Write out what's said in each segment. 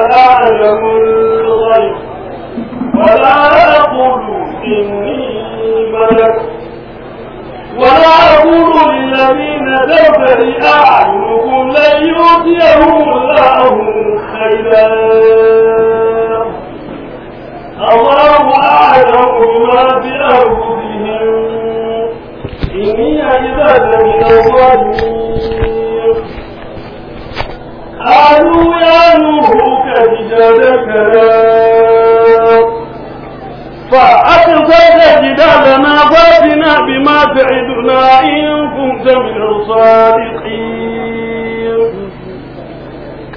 أعلم الغيب ولا أقول إني ملك ولا أقول للذين ذبر أعينهم لن يؤتيهم الله خيرا الله أعلم ما بأرضهم إني إذا لمن الظالمين قالوا يا نوح أجدادك فأقصد ما فاتنا بما تعدنا إن كنت من الصادقين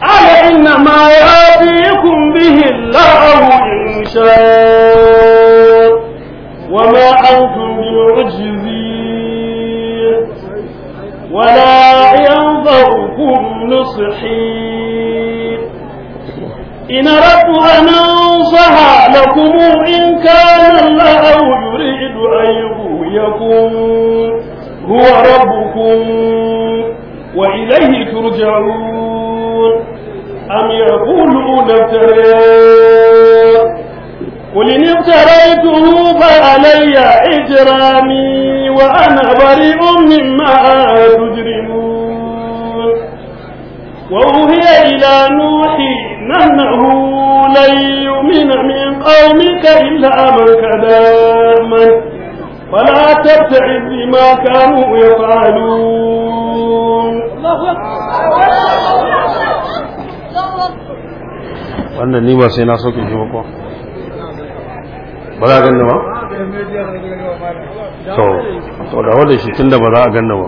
قال إنما يأتيكم به الله إن شاء وما أنتم بمعجزين ولا ينظركم نصحين إن أردت أن أنصح لكم إن كان الله يريد أن يغويكم هو ربكم وإليه ترجعون أم يقولون افتراه قل إن افتريته فعلي إجرامي وأنا بريء مما تجرمون وأوهي إلى نور لن يؤمن من قومك إلا من فلا تبتعد بما كانوا يفعلون wannan ni ba sai na sauke shi ba ko ba za a ganna ba to da wanda shi tunda ba za a ganna ba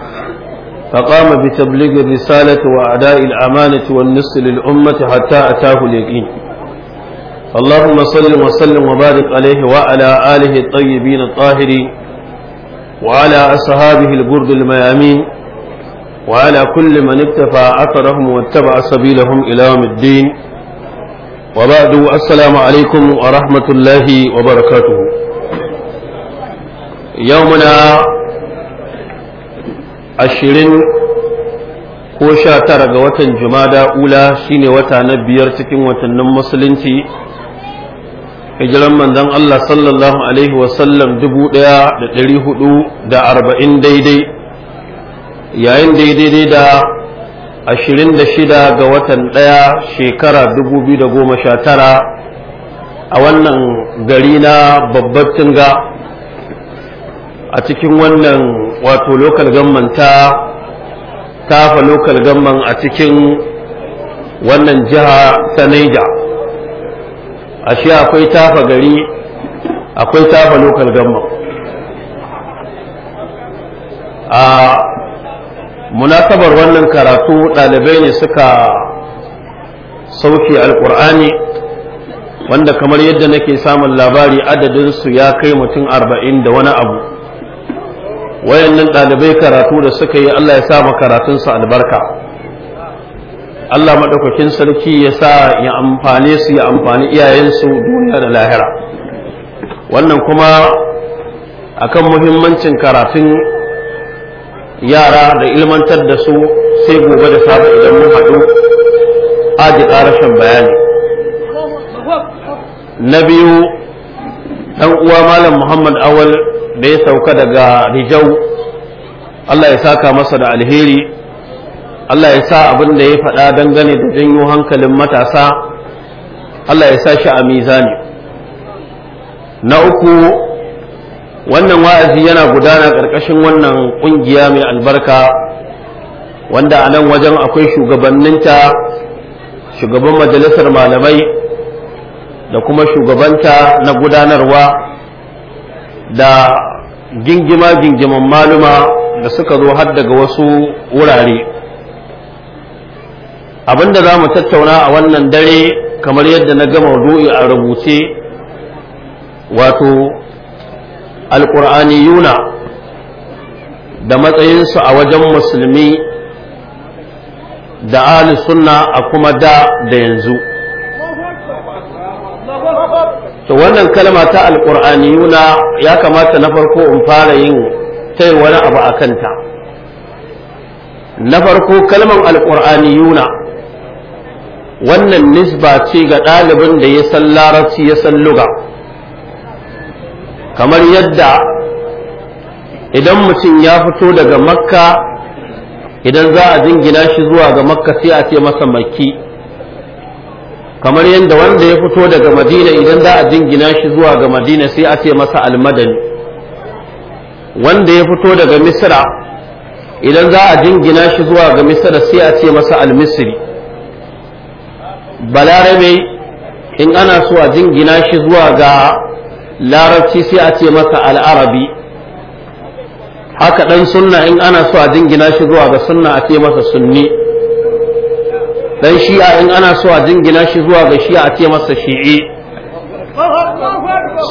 فقام بتبليغ الرسالة وأعداء الأمانة والنصر للأمة حتى أتاه اليقين اللهم صل وسلم وبارك عليه وعلى آله الطيبين الطاهرين وعلى أصحابه البرد الميامين وعلى كل من اكتفى أثرهم واتبع سبيلهم إلى يوم الدين وبعد السلام عليكم ورحمة الله وبركاته يومنا ashirin ko sha tara ga watan jumada ula shine wata na biyar cikin watannin musulunci hijiran manzon Allah sallallahu alaihi wasallam dubu ɗaya da ɗari hudu da arba'in daidai yayin daidai da ashirin da shida ga watan ɗaya shekara dubu biyu da goma sha tara a wannan gari na babbar tunga a cikin wannan wato local government ta tafa local government a cikin wannan jiha ta Niger ashe akwai tafa gari akwai tafa local government a munasabar wannan karatu ɗalibai ne suka sauke alkur'ani wanda kamar yadda nake samun labari adadinsu ya kai mutum arba'in da wani abu wayannan ɗalibai karatu da suka yi Allah ya sa makaratunsa albarka Allah maɗaukakin sarki ya sa ya amfane su ya amfani iyayensu duniya da lahira wannan kuma akan muhimmancin karatun yara da ilmantar da su sai gobe da safe idan mun haɗu aji ƙarashin bayani na biyu ɗan uwa malam muhammad awal da ya sauka daga rijau Allah ya saka masa da alheri Allah ya sa abin da ya faɗa dangane da janyo hankalin matasa Allah ya sa shi a mizani na uku wannan wa'azi yana gudana ƙarƙashin wannan ƙungiya mai albarka wanda a nan wajen akwai shugabanninta shugaban majalisar malamai da kuma shugabanta na gudanarwa da gingima gingiman maluma da suka zo har daga wasu wurare abinda za mu tattauna a wannan dare kamar yadda na gama du'i a rubuce wato alƙur'aniyuna da matsayinsu a wajen musulmi da Ali sunna a kuma da da yanzu to wannan kalma ta alƙur'aniyuna ya kamata na farko in fara yin tai wani abu a kanta na farko kalman alƙur'aniyuna wannan nisba ce ga ɗalibin da ya san larabci ya san luga kamar yadda idan mutum ya fito daga makka idan za a jingina shi zuwa ga makka sai a ce masa makki kamar yadda wanda ya fito daga madina idan za a jingina shi zuwa ga madina sai a ce masa almadani wanda ya fito daga misra idan za a jingina shi zuwa ga misra sai a ce masa almisri balarabe in ana so a jingina shi zuwa ga larabci sai a ce masa al'arabi haka ɗan sunna in ana so a jingina shi zuwa ga sunna a ce masa sunni dan shi'a in ana so a jingina shi zuwa ga shi'a a ce masa shi'i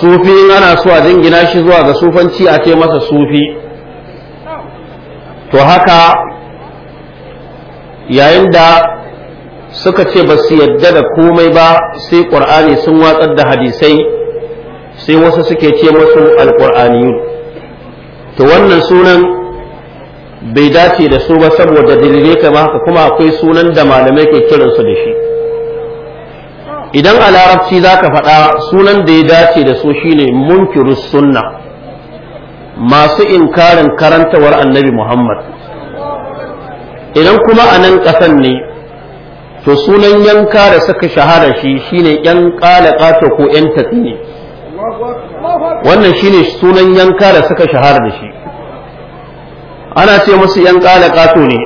sufi in ana so a jingina shi zuwa ga sufanci a ce masa sufi to haka yayin da suka ce ba su yadda da komai ba sai ƙur'ani sun watsar da hadisai sai wasu suke ce masu Alƙur'aniyu, to wannan sunan bai dace da su ba saboda dalilai kamar haka kuma akwai sunan da malamai ke kiransu da shi idan a larabci za ka faɗa sunan da ya dace da su shine munkirus sunna masu inkarin karantawar annabi muhammad idan kuma a nan ƙasan ne to sunan yanka da suka shahara shi shine yan ƙalaƙata ko yan tafi ne wannan shine sunan yanka da suka shahara da shi ana ce musu yan ƙato ne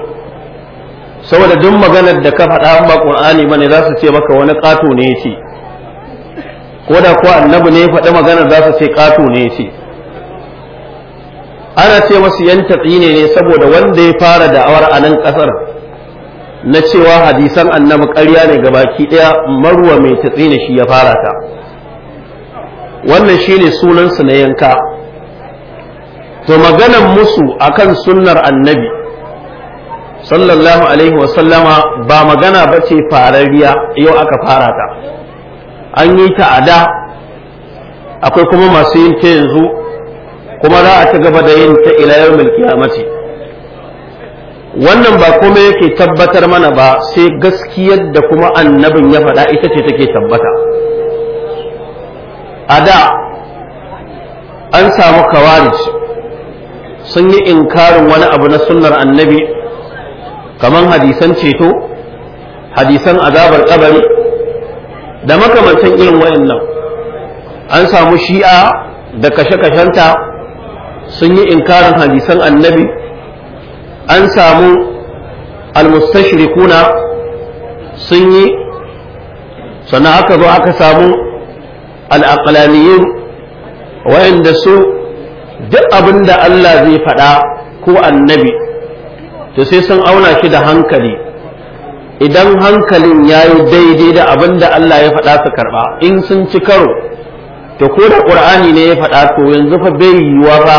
saboda duk maganar da ka faɗa ba ƙur'ani ba ne za su ce maka wani ƙato ne ce ko da kuwa annabi ne faɗi maganar za su ce ƙato ne ce ana ce musu yan tatsine ne saboda wanda ya fara da'awar a nan ƙasar na cewa hadisan annabi ƙarya ne ga baki ɗaya maruwa mai tatsine shi ya fara ta wannan shi shine sunansu na yanka to maganan musu akan sunnar annabi sallallahu alaihi wasallama ba magana ba ce farariya yau aka fara ta an yi ta a da akwai kuma masu yin ta yanzu kuma za a ci gaba da yin ta ilayar mulki wannan ba kuma yake tabbatar mana ba sai gaskiyar da kuma annabin ya faɗa ita ce take tabbata a da an samu kawarici sun yi inkarin wani abu na sunnar annabi kamar hadisan ceto hadisan azabar kabari da makamantan irin wayannan an samu shi'a da kashe-kashenta sun yi inkarin hadisan annabi an samu almustashirikuna sun yi sannan aka zo aka samu al'aqlaniyin wayanda su duk abin da Allah zai faɗa ko annabi to sai sun auna shi da hankali idan hankalin ya yi daidai da abin da Allah ya faɗa su karɓa in sun ci karo to ko da ƙur'ani ne ya faɗa to yanzu fa bai yiwuwa ba,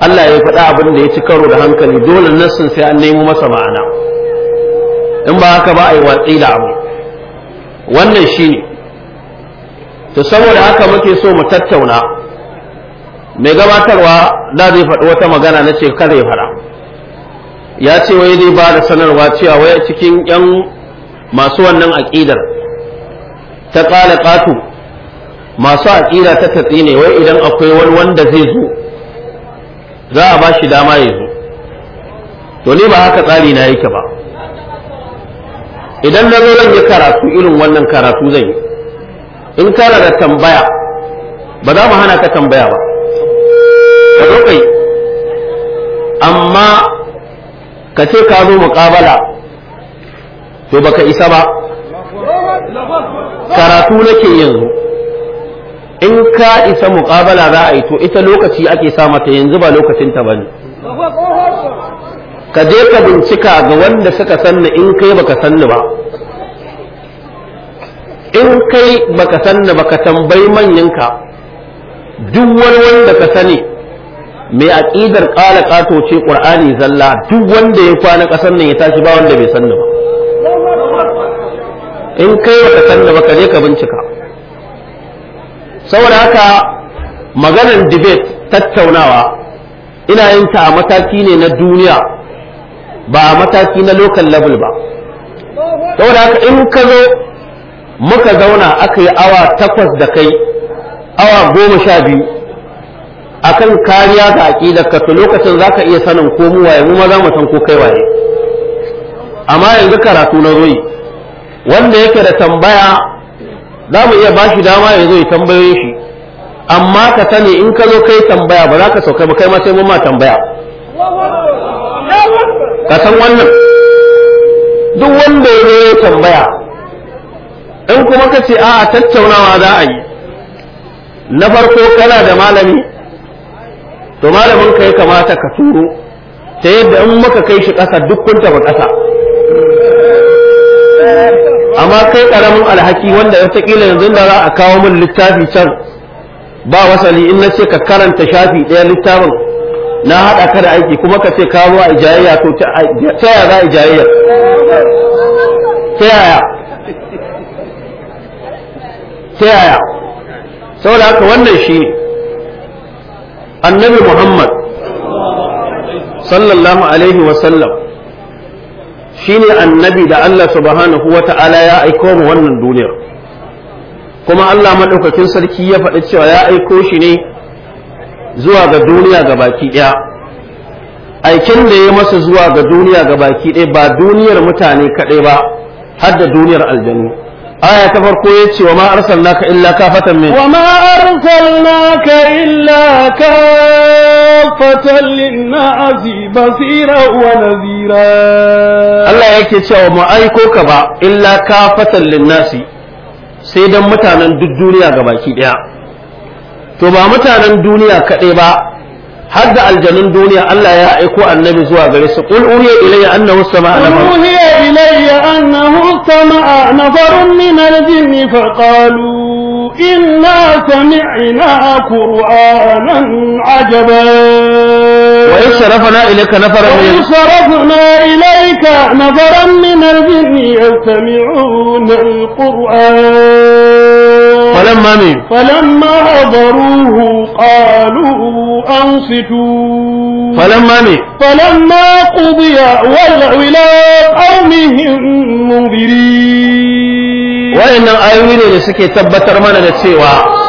Allah ya faɗa abin da ya ci karo da hankali dole nassin sai an nemo masa ma'ana in ba haka ba a yi watsi da abu wannan shi ne. to saboda haka muke so mu tattauna mai gabatarwa da zai faɗi wata magana na ce kada ya fara, ya ce wai zai ba da sanarwa cewa wai cikin 'yan masu wannan aƙidar ta ƙala ƙatu masu aƙida ta tatsi ne wai idan akwai wani wanda zai zo za a ba shi dama ya zo to ni ba haka tsari na yake ba idan na zo zan yi karatu irin wannan karatu zai yi in kana da tambaya ba za mu hana ka tambaya ba ka zo amma ka ce ka zo muƙabala to baka isa ba karatu nake yanzu in ka isa muƙabala za a yi to ita lokaci ake sa mata yanzu ba lokacin ta bane ka je ka bincika ga wanda suka sanna in kai baka sanna ba in kai baka sanni baka tambayi manyanka duk wani wanda ka sani mai aqidar qala qato ce qur'ani zalla duk wanda ya kwana kasar nan ya tashi ba wanda bai sanna ba in kai ka san ba ka je ka bincika saboda haka maganar debate tattaunawa ina yin ta a mataki ne na duniya ba a mataki na local level ba saboda haka in ka zo muka zauna aka yi awa takwas da kai awa goma sha biyu akan kariya ga ka to lokacin zaka iya sanin ko mu waye mu ma za mu san ko kai waye amma yanzu karatu na zoyi wanda yake da tambaya za mu iya bashi dama ya zo ya tambaye shi amma ka sani in ka zo kai tambaya ba za ka sauka ba kai ma sai mun ma tambaya ka san wannan duk wanda ya zo ya tambaya in kuma ka ce a'a tattaunawa za a yi na farko kana da malami to malamin ka ya kamata ka turo ta yadda in maka kai shi ƙasa duk kun taɓa ƙasa amma kai ƙaramin alhaki wanda wataƙila yanzu da za a kawo min littafi can ba wasali in na ce ka karanta shafi ɗaya littafin na haɗa ka da aiki kuma ka ce kawo a ijayayya to ta yaya za a ijayayya ta yaya ta yaya saboda haka wannan shi annabi muhammad sallallahu alaihi wasallam shi ne annabi da allah subhanahu wa ta'ala ya aiko mu wannan duniyar kuma allah maɗaukakin sarki ya faɗi cewa ya aiko shi ne zuwa ga duniya ga baki ɗaya aikin da ya masa zuwa ga duniya ga baki ɗaya ba duniyar mutane kaɗai ba har da duniyar aljanu aya ta farko ya ce wa ma arsalnaka illa kafatan min wa ma arsalnaka illa kafatan linnasi basira wa nadhira Allah yake cewa mu aiko ka ba illa kafatan linnasi sai dan mutanen duk duniya ga baki ɗaya. to ba mutanen duniya kaɗai ba har da aljanun duniya Allah ya aiko annabi zuwa gare su qul uhiya ilayya annahu sama'a nafar qul uhiya ilayya annahu sama'a nafarun min al-jinni fa qalu inna sami'na qur'anan ajaba وإن صرفنا إليك نفرا من وإذ صرفنا إليك نفرا من الجن يستمعون القرآن فلما من فلما حضروه قالوا أنصتوا فلما من فلما قضي ولعوا إلى قومهم منذرين وإن الآيوين لسكي تبتر من السيوة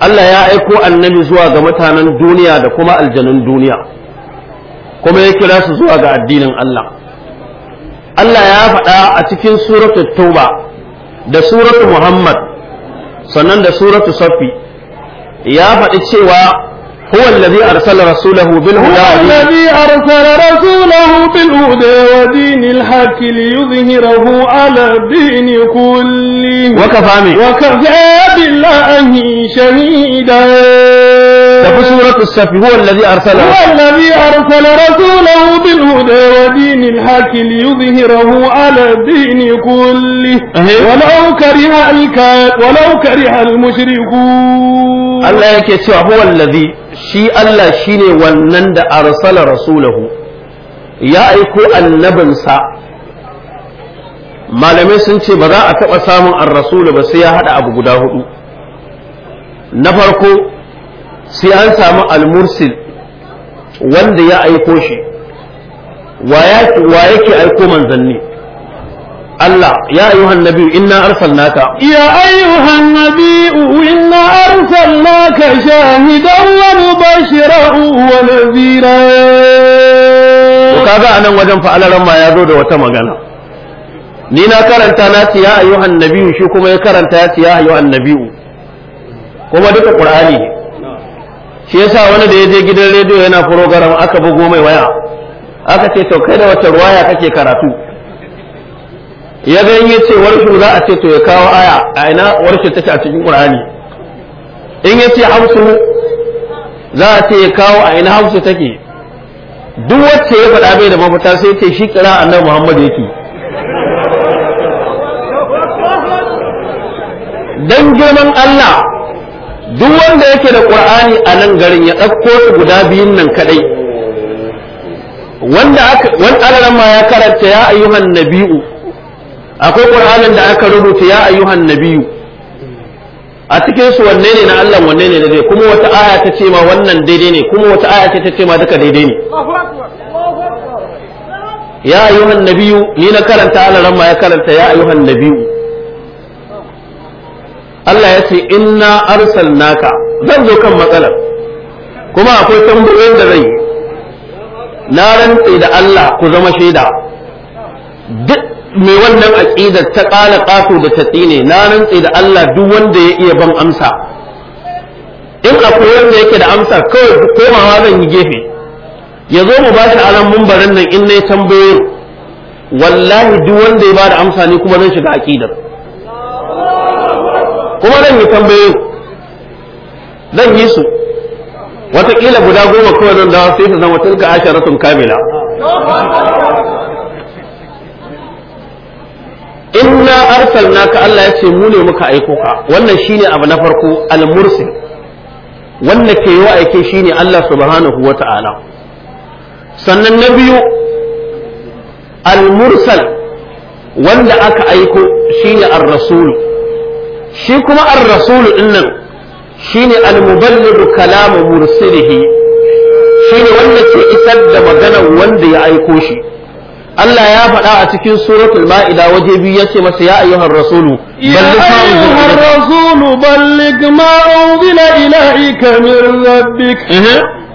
Allah ya aiko annabi zuwa ga mutanen duniya da kuma aljanun duniya kuma ya kira su zuwa ga addinin Allah Allah ya faɗa a cikin suratul Tauba da suratul Muhammad sannan da suratul Safi ya faɗi cewa هو الذي أرسل رسوله بالهدى هو الذي أرسل رسوله بالهدى ودين الحق ليظهره على الدين كله وكفى وكفى بالله شهيدا ففي سورة السفي هو الذي أرسل هو الذي أرسل رسوله بالهدى ودين الحق ليظهره على الدين كله ولو كره الكافر ولو كره المشركون الله يكي هو الذي shi Allah shine wannan da arsala rasulahu ya aiko annabinsa malamai sun ce ba za a taɓa samun ar-rasulu ba sai ya haɗa abu guda hudu na farko sai an samu al wanda ya aiko shi wa yake aiko manzanni Allah ya ayyuhan nabi inna arsalnaka ya ayyuhan nabi inna arsalnaka shahidan wa mubashiran wa nadhira anan wajen fa'alaran ma ya zo da wata magana ni na karanta na ya ayyuhan nabi shi kuma ya karanta ya ya ayyuhan nabi kuma duka ƙur'ani shi yasa wani da ya je gidan rediyo yana program aka bugo mai waya aka ce to kai da wata ruwaya kake karatu ya ga ya ce warshu za a ce to ya kawo aya a ina warshu ce a cikin qur'ani in ya ce hamsu za a ce ya kawo a ina hamsu take duk wacce ya faɗa bai da mafita sai ce shi kira annabi Muhammad yake dan girman Allah duk wanda yake da Qur'ani a nan garin ya ɗauko su guda biyun nan kaɗai, wanda aka wani ya karanta ya ayyuhan nabi'u akwai qur'anin da aka rubuta ya ayyuhan nabiyyu a cikin su wanne ne na Allah wanne ne na dai kuma wata aya ta ce ma wannan daidai ne kuma wata aya ce ta ce ma duka daidai ne ya ayyuhan nabiyyu ni na karanta alaran ma ya karanta ya ayyuhan nabiyyu Allah ya ce inna arsalnaka zan zo kan matsalar kuma akwai tambayoyin da zai na rantse da Allah ku zama shaida duk mai wannan aqidar ta ƙala ƙato da ta tsine na rantse da Allah duk wanda ya iya ban amsa in akwai wanda yake da amsa kawai komawa zan yi gefe ya zo mu ba shi alan mumbarin nan in nayi tambayoyin wallahi duk wanda ya da amsa ne kuma zan shiga aqidar kuma zan yi tambayoyin zan yi su wataƙila guda goma kawai zan dawo sai ta zama tilka asharatun kamila inna arsalnaka Allah ya ce mu ne muka aiko ka wannan shine abu na farko al-mursil wanda ke yi aike shine Allah subhanahu wata'ala sannan na biyu al-mursal wanda aka aiko shine ar-rasul shi kuma ar-rasul dinnan shine al-muballighu kalam mursilihi shine wanda ke isar da maganar wanda ya aiko shi Allah ya faɗa a cikin suratul ma'ida waje biyu yace masa ya ayyuhar rasulu balligh rasulu balligh ma unzila ilayka min rabbik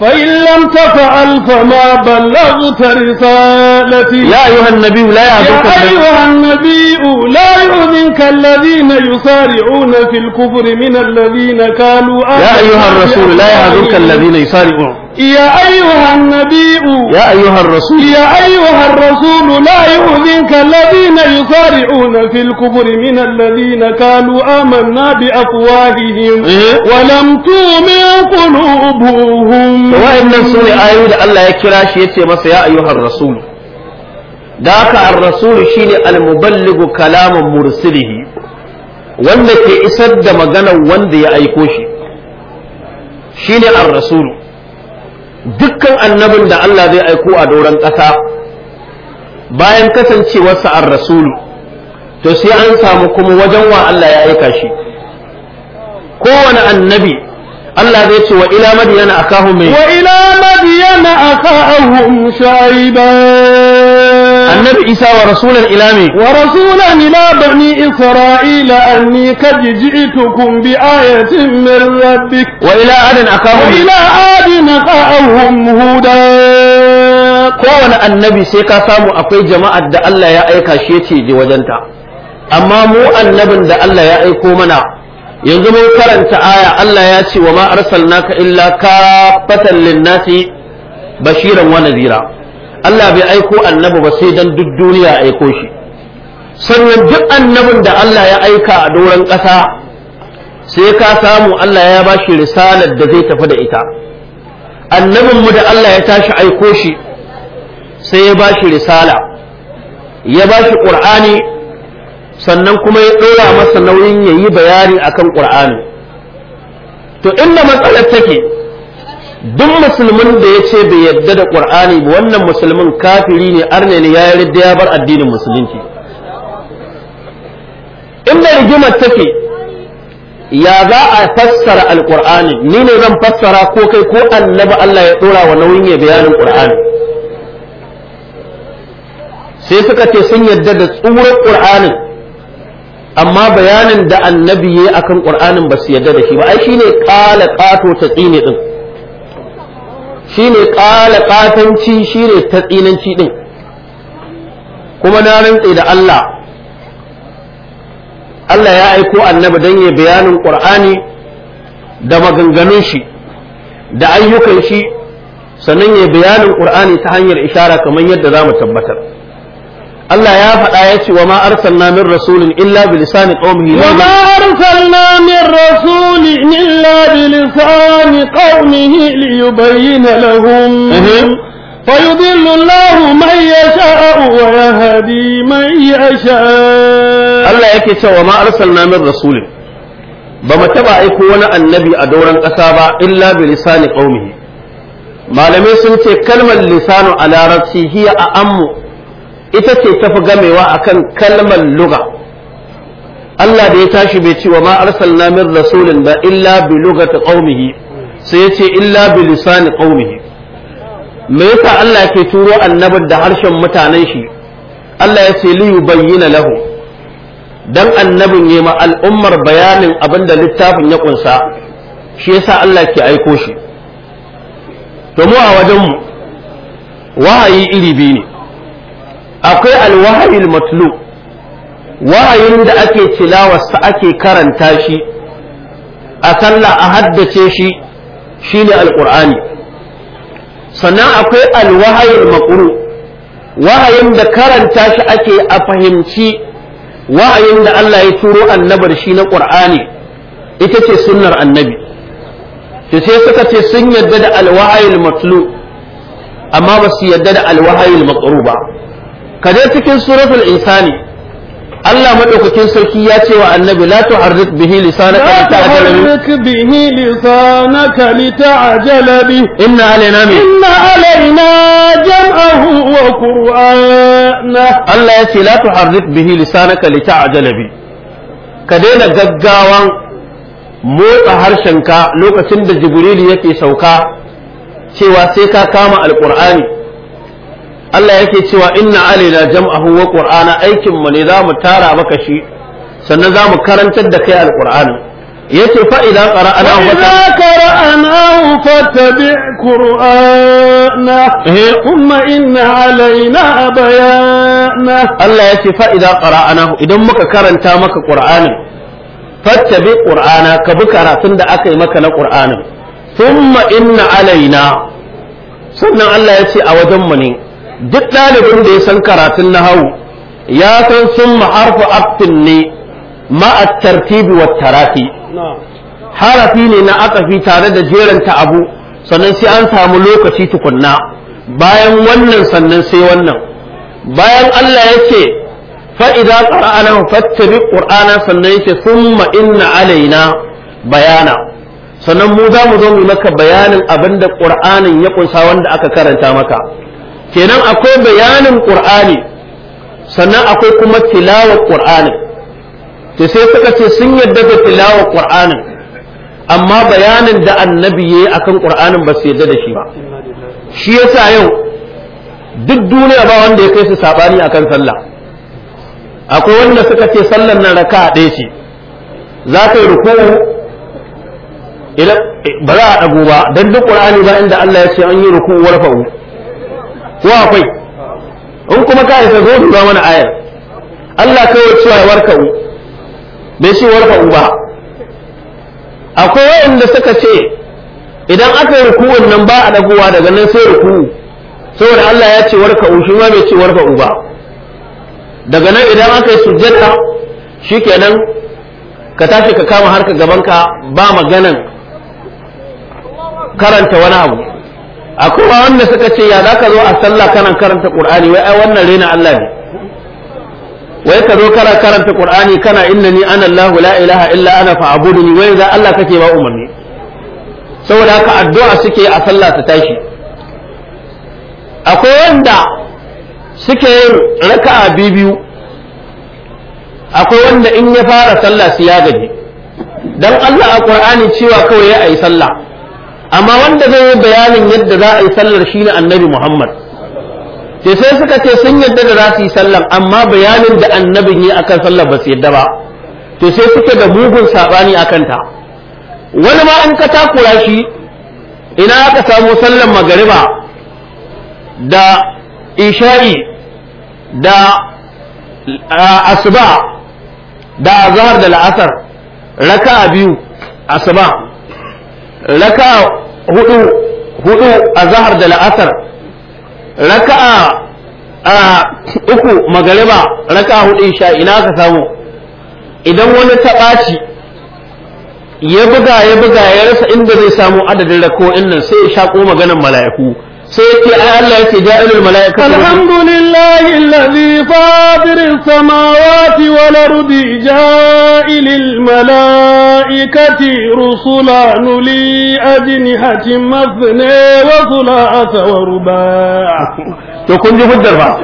فإن لم تفعل فما بلغت رسالتي يا أيها النبي لا يحزنك يا أيها النبي لا يحزنك الذين يسارعون في الكفر من الذين كانوا يا أيها الرسول لا يحزنك الذين يسارعون يا أيها النبي يا أيها الرسول يا أيها الرسول لا يؤذنك الذين يصارعون في الكفر من الذين قالوا آمنا بأفواههم إيه. ولم تؤمن قلوبهم وإن سوري آية الله يكرا شيء مس يا أيها الرسول ذاك الرسول شين المبلغ كلام مرسله وانك إسد مجنون da maganar أيكوشي شين الرسول dukkan annabin da Allah zai aiko a doron ƙasa bayan kasancewarsa an rasulu to sai an samu kuma wajen wa Allah ya aika shi kowane annabi Allah zai ce wa ila madiyana akahu mai wa ila madiyana akahu shaiban النبي عيسى ورسولا إلى مي ورسولا إلى بني إسرائيل أني قد جئتكم بآية من ربك وإلى آد أخاهم وإلى آد أخاهم هودا كون النبي سيكا سامو أقوي جماعة دا الله يا أيكا شيتي دي وجنتا أما مو النبي دا الله يا أيكو منا yanzu mun karanta aya Allah ya ce wa ma arsalnaka illa kafatan lin nasi bashiran wa nadira Allah bai aiko annabi ba sai dan duk duniya aiko shi sannan duk annabin da Allah ya aika a doron ƙasa sai ka samu Allah ya ba shi risalar da zai tafi da ita annabinmu da Allah ya tashi aiko shi sai ya ba shi risala ya ba shi ƙur'ani sannan kuma ya ɗora masa nauyin ya yi bayani akan ƙur'ani to inda matsalar take duk musulmin da ya ce bai yadda da qur'ani ba wannan musulmin kafiri ne arne ne ya yarda ya bar addinin musulunci inda rigimar take ya za a fassara alqur'ani ni ne zan fassara ko kai ko annabi Allah ya ɗora wa nauyin ya bayanin ƙur'ani, sai suka ce sun yadda da tsurar ƙur'anin amma bayanin da annabi yi akan ƙur'anin ba su yadda da shi ba ai ne ƙala ƙato ta tsine ɗin. Shi ne ƙala ƙatanci shine ta tsinanci ɗin kuma na rantse da Allah Allah ya aiko annabi don ya bayanin ƙur'ani da maganganun shi da ayyukan shi sannan ya bayanin ƙur'ani ta hanyar ishara kamar yadda za mu tabbatar Allah ya faɗa ya ce wa ma arsalna min rasulin illa bi lisan qaumihi wa ma arsalna min rasulin illa فيضل الله من يشاء ويهدي من يشاء الله يكيت وما أرسلنا من رسول بما تبع يكون النبي أدورا قصابا إلا بلسان قومه ما لم يسنك كلمة اللسان على رأسه هي أأم ita ce ta fi gamewa akan kalmar luga Allah da ya tashi bai ce wa ma arsalna min rasulin ba illa bi ta qaumihi sai ya ce illa bi lisani qaumihi me yasa Allah ke turo annabin da harshen mutanen shi Allah ya ce li yubayyana lahu dan annabin yayi ma al'ummar bayanin abin da littafin ya kunsa shi yasa Allah ke aiko shi to mu a wajen mu wahayi iri biyu ne akwai alwahayil matlu wahayin da ake tilawarsa ake karanta shi a sallah a haddace shi shine alqur'ani sannan akwai alwahayil maqru wahayin da karanta shi ake a fahimci wahayin da Allah ya turo annabar shi na qur'ani ita ce sunnar annabi to sai suka ce sun yadda da alwahayil matlu amma ba su yadda da alwahayil maqru ba ka je cikin suratul insani Allah madaukakin sarki ya ce wa annabi la tuharrik bihi lisanaka lita'jala bihi la tuharrik bihi lisanaka lita'jala bihi inna alaina min inna alaina jam'ahu wa qur'ana Allah ya ce la tuharrik bihi lisanaka lita'jala bihi ka daina gaggawan motsa harshenka lokacin da jibril yake sauka cewa sai ka kama alqur'ani Allah yake cewa inna alaina jam'ahu wa qur'ana aikin mu ne za mu tara maka shi sannan za mu karantar da kai alqur'ani yace fa idza qara'ana wa idza qara'ana fattabi' qur'ana kuma eh. inna alaina bayana Allah yace fa idza qara'ana idan muka karanta maka qur'ani fattabi' qur'ana ka bi karatun da aka yi maka na qur'anin thumma inna alaina sannan Allah yace a wajen mu ne duk ɗalibin da ya san karatun nahawu ya san sun ma'arfu aftin ne ma'ar tartibi wa tarafi harafi ne na akafi tare da jeranta abu sannan sai an samu lokaci tukunna bayan wannan sannan sai wannan bayan Allah ya ce fa'iza ƙara'ana fattabi ƙur'ana sannan ya ce summa inna alaina bayana sannan mu za mu zo mu maka bayanin abin da ƙur'anin ya ƙunsa wanda aka karanta maka kenan akwai bayanin qur'ani sannan akwai kuma tilawar qur'ani to sai suka ce sun yadda da tilawar qur'anin amma bayanin da annabi yayi akan qur'anin ba su yadda da shi ba shi yasa yau duk duniya ba wanda ya kai su sabani akan sallah akwai wanda suka ce sallar nan raka ɗaya ce za ka yi ruku'u eh, ba za a ɗagu ba don duk ƙur'ani ba inda Allah ya ce an yi ruku wa ko akwai in kuma ka isa zo duba mana ayar Allah kawai cewa warka'u bai shi u ba akwai waɗanda suka ce idan aka yi nan ba a dagowa daga nan sai ruku'u saboda Allah ya ce warka'u shi ma bai ce u ba daga nan idan aka yi sujjada shikenan ka tashi ka kama harka gaban ka ba maganan karanta wani abu akwai wanda suka ce ya zaka zo a sallah kana karanta qur'ani wai ai wannan rena Allah ne wai ka zo kana karanta qur'ani kana innani ana Allah la ilaha illa ana fa'buduni wai za Allah kake ba umarni saboda haka addu'a suke a sallah ta tashi akwai wanda suke yin raka'a biyu akwai wanda in ya fara sallah su ya gaji dan Allah a qur'ani cewa kawai ya ayi sallah amma wanda zai yi bayanin yadda za a yi sallar shine annabi Muhammad sai sai suka ce sun yadda da za su yi sallar amma bayanin da annabin yi akan sallar ba su yadda ba to sai suke da mugun saɓani akan ta wani ma in ka takura shi ina aka samu sallar magariba da isha'i da asuba da azhar da la'asar raka'a biyu asuba raka'a hudu hudu zahar da la'asar raka'a a uku magariba raka hudu sha ina ka samu idan wani ta ɓaci ya buga ya buga ya rasa inda zai samu adadin rako'in nan sai ya shako maganan mala'iku سيأتي أهل يأتي الملائكة الحمد لله الذي فاطر السماوات والأرض جائل الملائكة رسلا نلي أجنحة مثنى وثلاث ورباع تو كنت حجة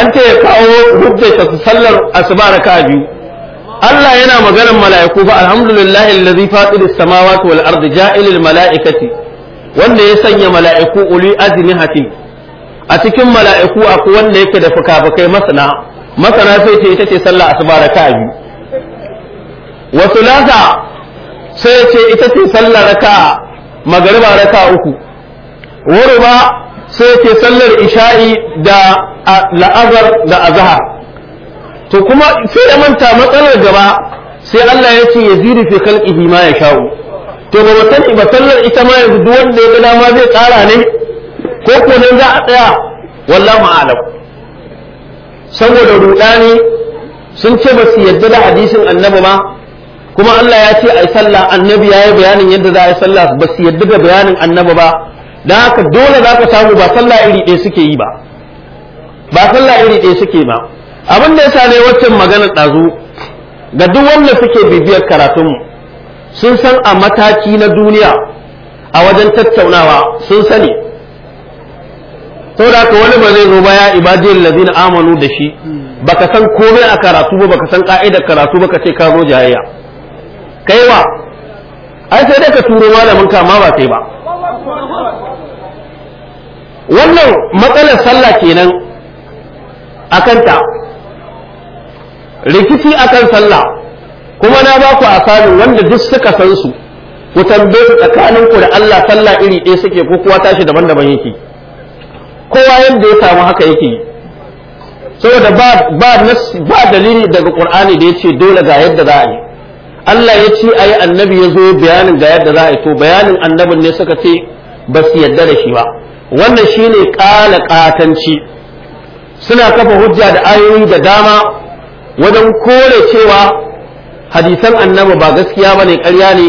أنت يقعوا حجة تتسلر أسبار كاجو الله ينام غير الملائكة الحمد لله الذي فاطر السماوات والأرض جائل الملائكة wanda ya sanya mala'iku uli aznihatin a cikin mala'iku akwai wanda yake da fuka-fukai masana masana sai ce ita ce sallah asuba raka'a biyu wa thulatha sai ce ita ce sallah raka'a magariba raka'a uku wuruba sai ce sallar isha'i da la'azar da azhar to kuma sai da manta matsalar gaba sai Allah ya ce yazidu fi khalqihi ma yasha'u to ba mu ba sallar ita ma yanzu duk wanda ya gada dama zai tsara ne ko ko nan za a tsaya wallahu a'lam saboda rudani sun ce ba su yadda da hadisin annabi ba, kuma Allah ya ce ai sallah annabi ya yi bayanin yadda za a yi sallah ba su yadda da bayanin annabi ba dan haka dole za ka samu ba sallah iri ɗaya suke yi ba ba sallah iri ɗaya suke ba abin da ya sa ne waccan maganar ɗazu ga duk wanda suke bibiyar karatunmu sun san a mataki na duniya a wajen tattaunawa sun sani saboda ka wani ba zai zo baya ibadiyar na amanu da shi baka san komai a karatu ba baka san ka'idar karatu ba ka ce ka zo jayayya kaiwa ai sai dai ka turo malamin ka ma ba sai ba wannan matsalar sallah kenan akan ta rikici akan sallah kuma na ba ku asalin wanda duk suka san su ku tambaye su tsakanin ku da Allah sallah iri ɗaya suke ko kowa tashi daban-daban yake kowa yanda ya samu haka yake saboda ba ba ba dalili daga Qur'ani da yace dole ga yadda za a yi Allah ya ce ayi annabi ya zo bayanin ga yadda za a yi to bayanin annabin ne suka ce ba su yarda da shi ba wannan shine kala katanci suna kafa hujja da ayoyi da dama wajen kore cewa hadisan annabi ba gaskiya ba ne ƙarya ne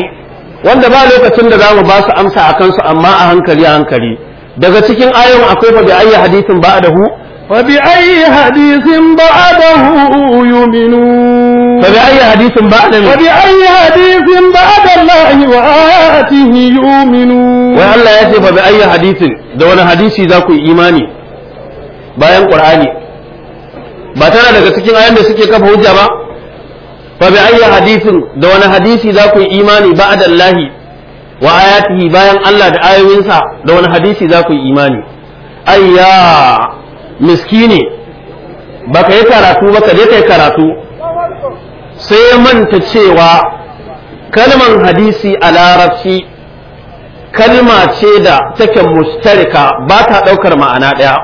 wanda ba lokacin da zamu ba su amsa a kansu amma a hankali a hankali daga cikin ayon akwai fa bi ayyi hadisin ba ba'dahu fa bi ayyi hadisin ba'dahu yu'minun fa bi ayyi hadisin ba'dahu fa bi ayyi hadisin ba'da Allah wa ayatihi yu'minun wai Allah ya ce fa bi ayyi hadisin da wani hadisi za ku yi imani bayan Qur'ani ba tana daga cikin ayoyin da suke kafa hujja ba fa bi hadisin, hadithin da wani hadisi za ku yi imani da Allahi wa ayatihi bayan Allah da ayoyinsa da wani hadisi za ku yi imani ayya miskini baka yi karatu ba ka je kai karatu sai ya manta cewa kalman hadisi a larabci kalma ce da take mustarika ba ta ɗaukar ma'ana ɗaya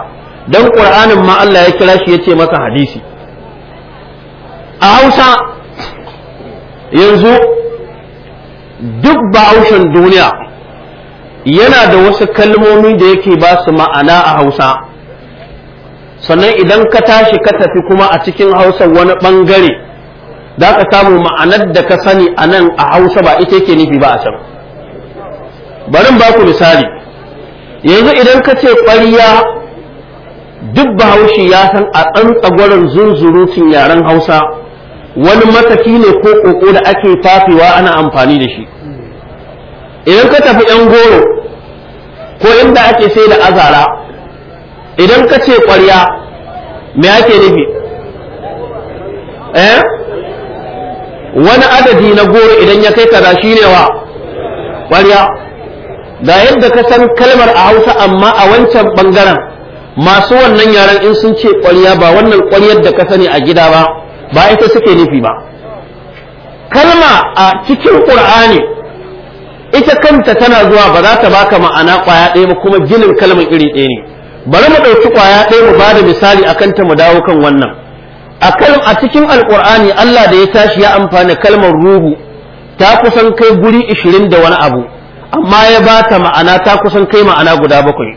don ƙur'anin ma Allah ya kira shi ya ce masa hadisi a hausa yanzu duk ba'aushen duniya yana da wasu kalmomi da yake ba su ma'ana a hausa sannan idan ka tashi ka tafi kuma a cikin hausa wani ɓangare za ka samu ma'anar da ka sani a nan a hausa ba ita ke nufi ba a can barin ba ku misali yanzu idan ka ce ƙwariya duk bahaushe ya san a tsantsa gwarin zunzurutun yaren hausa wani mataki ne ko koko da ake tafiwa ana amfani da shi idan ka tafi yan goro ko inda ake sai da azara idan ka ce ƙwarya me ake nufi eh wani adadi na goro idan ya kai kaza shine wa ƙwarya da yadda ka san kalmar a hausa amma a wancan bangaren masu wannan yaren in sun ce ƙwarya ba wannan ƙwaryar da ka sani a gida ba ba ita suke nufi ba kalma a cikin qur'ani ita kanta tana zuwa ba za ta baka ma'ana kwaya ɗaya ba kuma ginin kalmar iri ɗaya ne bari mu ɗauki kwaya ɗaya mu bada misali akan ta mu dawo kan wannan a cikin alqur'ani Allah da ya tashi ya amfani kalmar ruhu ta kusan kai guri ishirin da wani abu amma ya ba ta ma'ana ta kusan kai ma'ana guda bakwai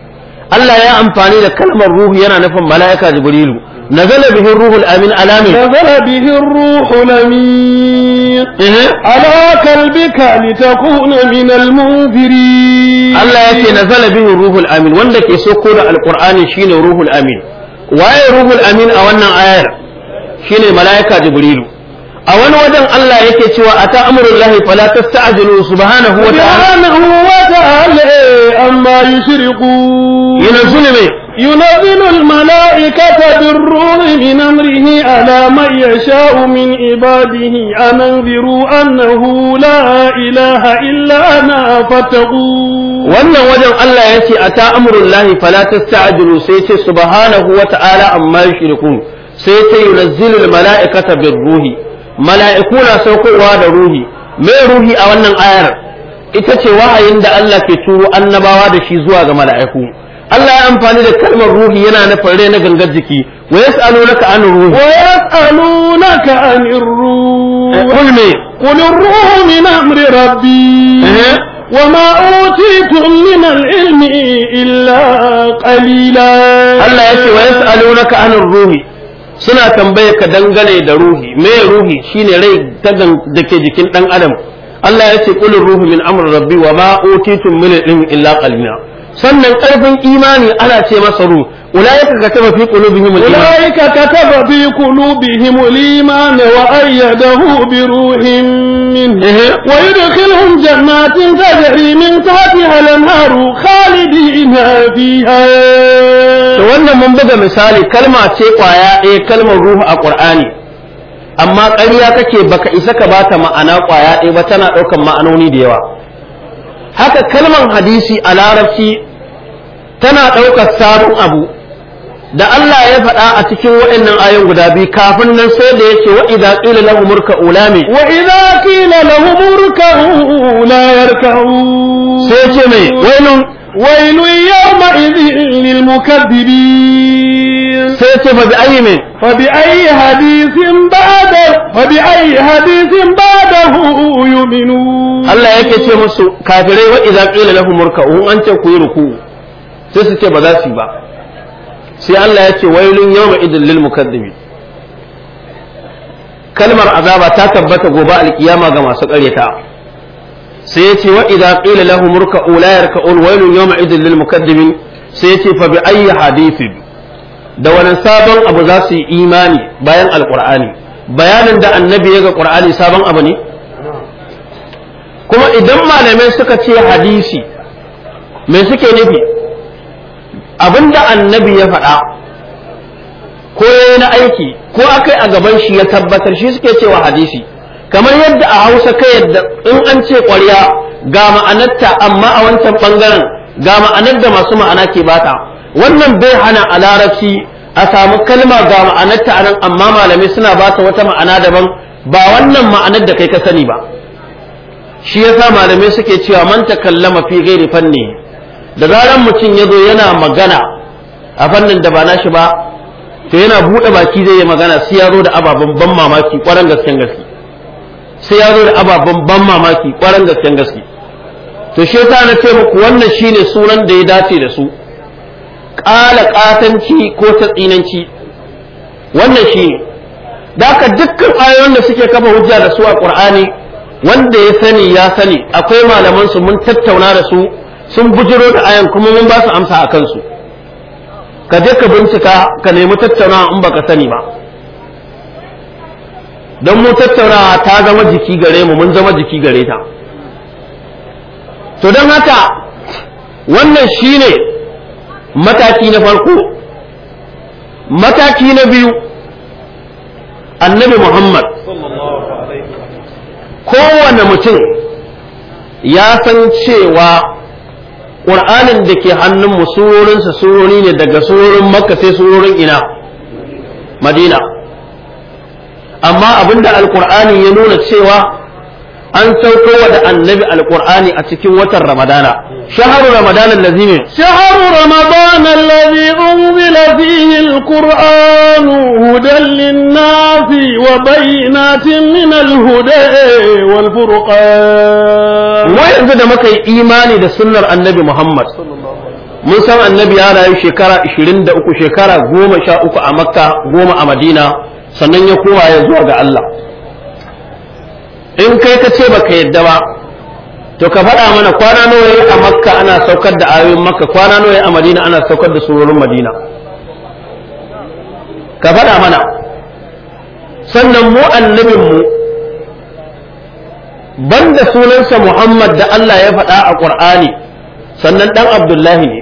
Allah ya amfani da kalmar ruhu yana nufin mala'ika jibrilu نزل به الروح الأمين الامين نزل به الروح الأمين إيه؟ على قلبك لتكون من المنذرين الله يكي نزل به الروح الأمين وانك يسكر القرآن شين الروح الأمين واي روح الأمين اوانا عير آية. شين ملائكة جبريل اوان ودن الله يكي شوى أتى أمر الله فلا تستعجلوا سبحانه وتعالى سبحانه وتعالى أما يشركون ينزل مين ينزل الملائكة بالروح من أمره على من يشاء من عباده أن انذروا أنه لا إله إلا أنا فاتقون وأن وجه الله يأتي أتى أمر الله فلا تستعجلوا سيتي سبحانه وتعالى أما يشركون سيتي ينزل الملائكة بالروح ملائكون سوقوا هذا روحي ما روحي أولا آية إتتي وحي عند الله كتو أن بواد شيزوا ملائكون Allah ya amfani da kalmar ruhi yana nufin rai na gangar jiki wa yas'alunaka an ruhi wa yas'alunaka an ruhi qul me qul ruhu min amri rabbi wa ma utitum min al-ilmi illa qalila Allah yace wa yas'alunaka an ruhi suna tambaye ka dangane da ruhi me ruhi shine rai ta da ke jikin dan adam Allah yace qul ruhu min amri rabbi wa ma utitum min al-ilmi illa qalila sannan karfin imani ana ce masa ruh kataba fi qulubihim al-iman wa ayyadahu bi قلوبهم min wa بروح jannatin tajri min tahtiha al تحتها khalidina fiha to wannan mun buga misali kalma ce kwaya eh kalmar ruhu a qur'ani amma ƙarya kake baka isa ka bata ma'ana kwaya eh ba tana ɗaukar ma'anoni da yawa haka kalmar hadisi a larabci tana ɗaukar sabon abu da Allah ya faɗa a cikin waɗannan ayoyin guda biyu kafin nan sai da yace wa idza qila lahum urka'u la mi wa idza qila lahum urka'u la yarka'u sai yace mai wailun wailun yawma idhin lil mukaththibin sai yace fa bi ayyi min fa bi ayyi hadithin ba'da fa bi ayyi hadithin ba'dahu yu'minun Allah yake ce musu kafirai wa idza qila lahum murka'u an ce ku yi ruku sai su ce ba za su yi ba sai Allah yake wailun yawma idil lil mukaddibin kalmar azaba ta tabbata gobe alkiyama ga masu ƙaryata sai ya ce wa idza qila lahum murka'u la yarka'un wailun yawma idil lil mukaddibin sai ya ce fa bi ayyi hadithin da wani sabon abu za su yi imani bayan alqur'ani bayanin da annabi ya ga qur'ani sabon abu ne kuma idan malamai suka ce hadisi me suke nufi abinda annabi ya faɗa ko ya yi na aiki ko akai a gaban shi ya tabbatar shi suke cewa hadisi kamar yadda a hausa ka yadda in an ce ƙwarya ga ma'anarta amma a wancan ɓangaren ga ma'anar da masu ma'ana ke bata wannan bai hana a larabci a samu kalma ga ma'anarta a nan amma malamai suna bata wata ma'ana daban ba wannan ma'anar da kai ka sani ba shi yasa malamai suke cewa man takallama fi ghairi fanni da zaran mutum ya zo yana magana a fannin da ba nashi ba to yana bude baki zai yi magana sai ya zo da ababen ban mamaki kwaran gasken gaske sai ya zo da ababen ban mamaki kwaran gasken gaske to shi yasa na ce muku wannan shine sunan da ya dace da su ƙala ƙatanci ko ta tsinanci wannan shine da dukkan ayoyin da suke kafa hujja da su a Qur'ani wanda ya sani ya sani akwai malaman su mun tattauna da su sun bujiro da ayan kuma mun ba su amsa a kansu ka je ka bincika ka nemi tattauna in ba ka sani ba don mu tattaunawa ta zama jiki gare mu mun zama jiki gare ta to don haka wannan shine mataki na farko mataki na biyu annabi muhammad kowane mutum ya san cewa ƙur'anin da ke hannunmu surorinsa surori ne daga surorin makka sai surorin ina madina amma abinda alƙur'ani ya nuna cewa an sauko wa da annabi alƙur'ani a cikin watan ramadana شهر رمضان الذي شهر رمضان الذي أنزل فيه القرآن هدى للناس وبينات من الهدى والفرقان وين da muka yi imani da sunnar annabi Muhammad mun san annabi ya rayu shekara 23 shekara 13 a Makka goma a Madina sannan ya koma ya zuwa ga Allah in kai ka ce baka yadda ba to ka faɗa mana kwana nawa a makka ana saukar da ayoyin makka kwana nawa a madina ana saukar da surorin madina ka faɗa mana sannan mu annabin mu banda sunansa Muhammad da Allah ya faɗa a kur'ani sannan dan Abdullahi ne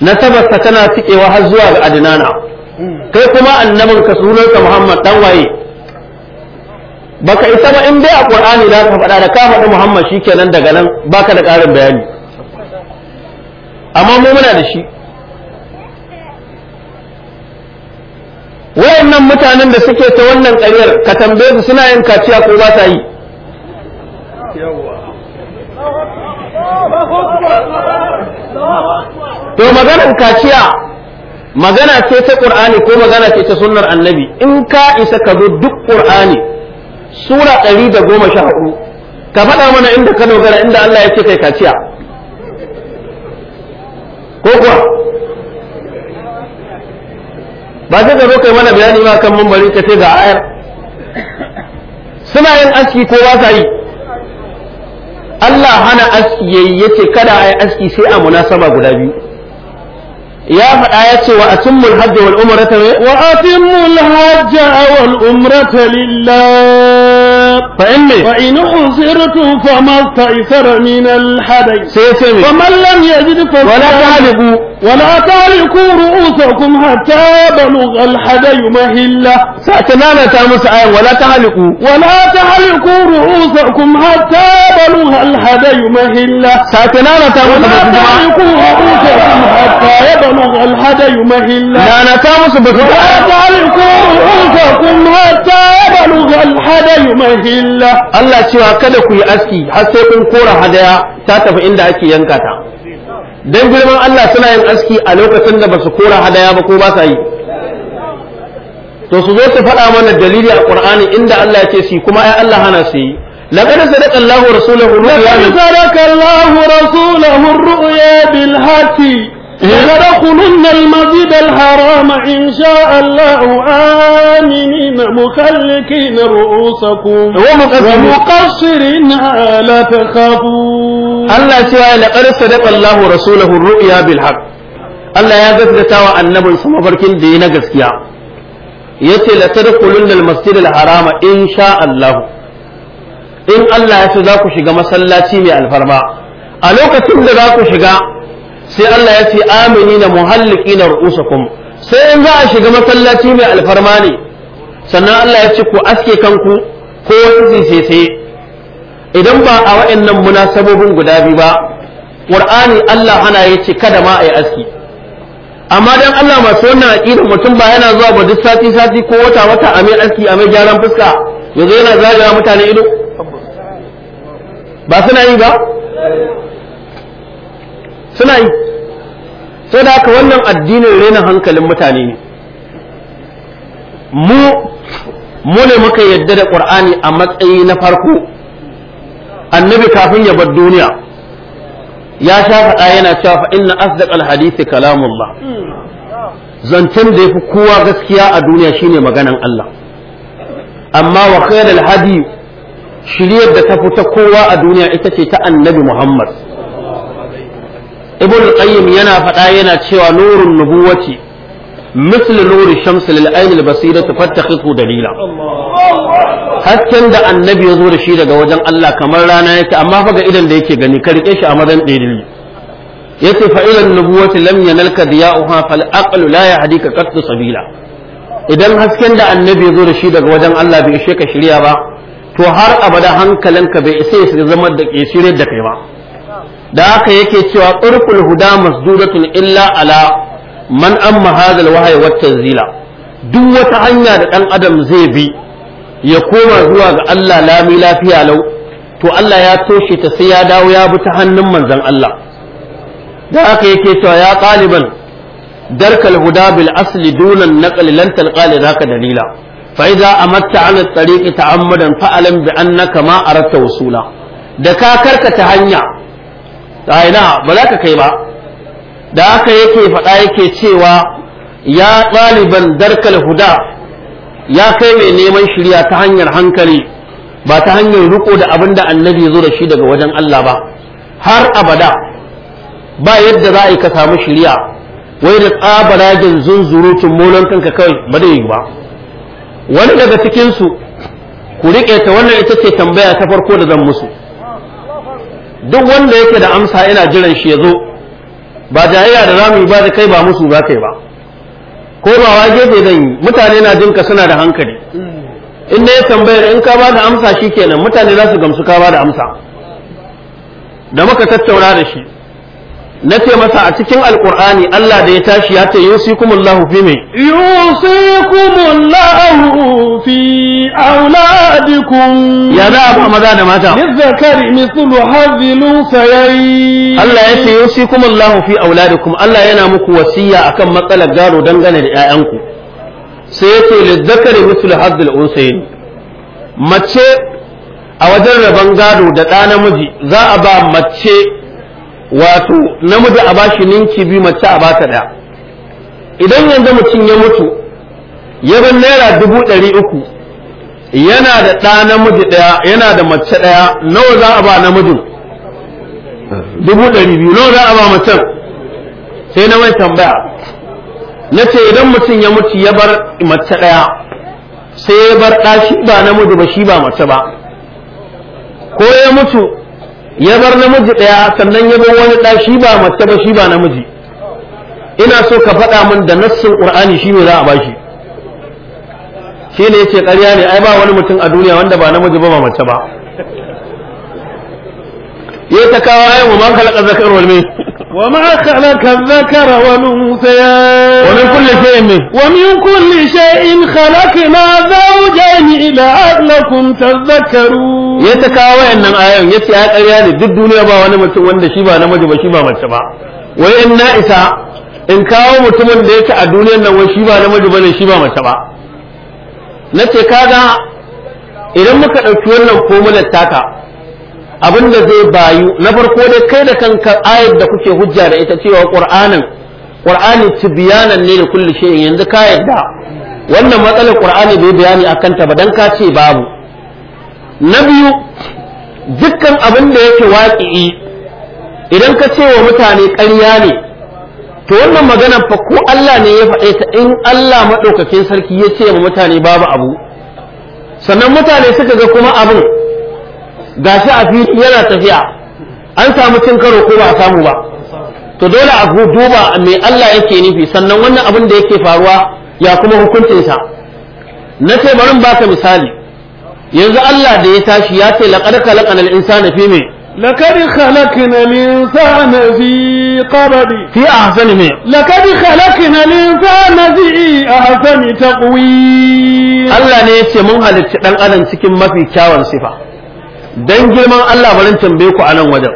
nasabarsa tana tikewa har zuwa ga adinana kai kuma annabinka sunansa Muhammad dan waye baka isa ba in bai a qur'ani za ka faɗa da ka faɗi muhammad shikenan daga nan baka da ƙarin bayani amma mu muna da shi wayannan mutanen da suke ta wannan ƙaryar ka tambaye su suna yin kaciya ko ba sa yi to maganar kaciya magana ce ta ƙur'ani ko magana ce ta sunnar annabi in ka isa ka zo duk ƙur'ani sura ɗari da goma sha hudu ka faɗa mana inda ka dogara inda Allah ya ce kai kaciya ko kuwa ba zai ka zo kai mana bayani ba kan mambari ka ce ga ayar suna yin aski ko ba sa yi Allah hana aski yayi yace kada a yi aski sai a munasaba guda biyu يا آيات وأتم الحج والأمرة وأتم الحج والأمرة لله فإني فإن أزرتم فما استيسر من الحدي فمن لم يجد فلا تعلقوا ولا تعلقوا رؤوسكم حتى بلغ الحدي مهلة ساتنانا تامس آية ولا تعلقوا ولا تعلقوا رؤوسكم حتى بلغ الحدي مهلة ساتنانا تامس ولا تعلقوا رؤوسكم حتى يبلغ الحدي مهلة لا نتامس بكتاب ولا تعلقوا رؤوسكم حتى يبلغ الحدي مهلة الله سوى كدكوا يأسكي حسيكم كورا حدايا تاتف عند دعكي ينكتا dan girman Allah suna yin aski a lokacin da ba su kora hadaya ba ko ba sa yi to su zo su faɗa mana dalili a Qur'ani inda Allah ya ce su kuma ai Allah hana su yi لقد صدق الله رسوله الرؤيا لقد صدق الله رسوله الرؤيا لدخلن المسجد الحرام إن شاء الله آمنين مخلقين رؤوسكم ومقصرين لا تخافوا الله سيئا لقد صدق الله رسوله الرؤيا بالحق الله يا ذات لتاوى النبي صلى الله عليه وسلم يتي لتدخلن المسجد الحرام إن شاء الله إن الله يتذاكو شغا مسلاتي من الفرماء ألوك تبدأ شغا sai Allah ya ce amini na na muhalliqina ru'usakum sai in za a shiga masallaci mai alfarma ne sannan Allah ya ce ku aske kanku ko wani sai idan ba a waɗannan munasabobin guda biyu ba Qur'ani Allah hana ya ce kada ma a yi aski amma dan Allah masu wannan aqidar mutum ba yana zuwa ba duk sati sati ko wata wata a mai aski a mai gyaran fuska yanzu yana zagaya mutane ido ba suna yi ba suna yi sai da haka wannan addinin rena hankalin mutane ne mu mu ne muka yadda da qur'ani a matsayi na farko annabi kafin ya bar duniya ya sha faɗa yana cewa fa inna asdaqal hadisi kalamullah zancen da yafi kowa gaskiya a duniya shine maganan Allah amma wa khairul hadi shiryar da ta fita kowa a duniya ita ce ta annabi Muhammad ibnu qayyim yana faɗa yana cewa nurun nubuwati مثل نور الشمس للعين البصيرة فاتخذه dalila. hasken da annabi ya zo da shi daga wajen Allah kamar rana yake amma faga ga idan da yake gani ka rike shi a madan dalili yace fa ilan nubuwati lam yanalka diya'uha fal aqlu la yahdika qattu sabila idan hasken da annabi ya zo da shi daga wajen Allah bai ishe ka shirya ba to har abada hankalinka bai isa ya zama da kishire da kai ba da haka yake cewa ƙurful huda masduratun illa ala man an hadal wahayi waccan zila duk wata hanya da dan adam zai bi ya koma zuwa ga Allah lami lafiya lau to Allah ya toshe ta sai ya dawo ya bi ta hannun manzon Allah da haka yake cewa ya ɗaliban darkal huda bil asli dunan naqli lan talqali zaka dalila fa idza amatta an at-tariqi ta'ammadan fa'alam bi annaka ma aratta wusula da ka karkata hanya a ina ba za ka kai ba da haka yake faɗa yake cewa ya ɗaliban darkal huda ya kai mai neman shirya ta hanyar hankali ba ta hanyar riko da abin da annabi zo da shi daga wajen Allah ba har abada ba yadda za a yi ka samu shirya wai da tsabaragen zunzurutun molon kanka kawai ba da yi ba wani daga cikinsu ku riƙe ta wannan ita ce tambaya ta farko da zan musu duk wanda yake da amsa ina jiran shi ya zo ba jayayya da zamu yi ba da kai ba musu ba kai ba ko ba wa gefe zan yi mutane na jin ka suna da hankali in ya tambayar in ka ba da amsa shi kenan mutane za su gamsu ka ba da amsa da muka tattauna da shi na ce masa a cikin alkur'ani Allah da ya tashi ya ce yusikumullahu fi me yusikumullahu fi auladikum ya za maza da mata lizakari mithlu hadhil sayayi Allah ya ce yusikumullahu fi auladikum Allah yana muku wasiya akan matsalar gado dangane da 'ya'yanku. sai ya ce lizakari hadhil unsayin mace a wajen rabon gado da ɗa namiji za a ba mace wato namiji a bashi ninki biyu mace a bata daya idan yanzu mutum ya mutu ya bar naira dubu ɗari uku yana da ɗa namiji ɗaya yana da mace ɗaya nawa za a ba namijin dubu ɗari biyu nawa za a ba mace sai na mai tambaya na ce idan mutum ya mutu ya bar mace ɗaya sai ya bar ɗa shi ba namiji ba shi ba mace ba ko ya mutu ya bar namiji ɗaya sannan ya bar wani ɗa shi ba mace ba shi ba namiji ina so ka faɗa min da nassin qur'ani shi ne za a bashi shi ne yace ƙarya ne ai ba wani mutum a duniya wanda ba namiji ba ba mace ba ya ta kawo ayan man khalaqa zakar wal وما خلق الذكر والأنثى ومن كل شيء ومن كل شيء خلقنا زوجين لعلكم تذكرون ya ta kawo wayannan ayoyin ya ce ya karya ne duk duniya ba wani mutum wanda shi ba namiji ba shi ba mace ba wai in na isa in kawo mutumin da yake a duniyar nan wai shi ba namiji ba ne shi ba mace ba kaga idan muka ɗauki wannan komular taka abin da zai bayu na farko dai kai da kanka ayar da kuke hujja da ita cewa qur'anin qur'ani tibyanan ne da kulli shay'in yanzu ka yadda wannan matsalar qur'ani bai bayani akan ta ba dan ka ce babu na biyu dukkan abin da yake waqi'i idan ka ce wa mutane ƙarya ne to wannan magana fa ko Allah ne ya faɗe ta in Allah madaukakin sarki ya ce wa mutane babu abu sannan mutane suka ga kuma abin gashi a fili yana tafiya an samu cin karo ko ba a samu ba to dole a duba me Allah yake nufi sannan wannan abin da yake faruwa ya kuma sa. na ce bari baka misali yanzu Allah da ya tashi ya ce laqad khalaqnal insana fi me لقد خلقنا الإنسان في قبد في أحسن ما لقد خلقنا الإنسان في أحسن تقويم Allah ne ya ce mun halicci dan adam cikin mafi kyawun sifa dan girman Allah barin tambaye ku a nan wajen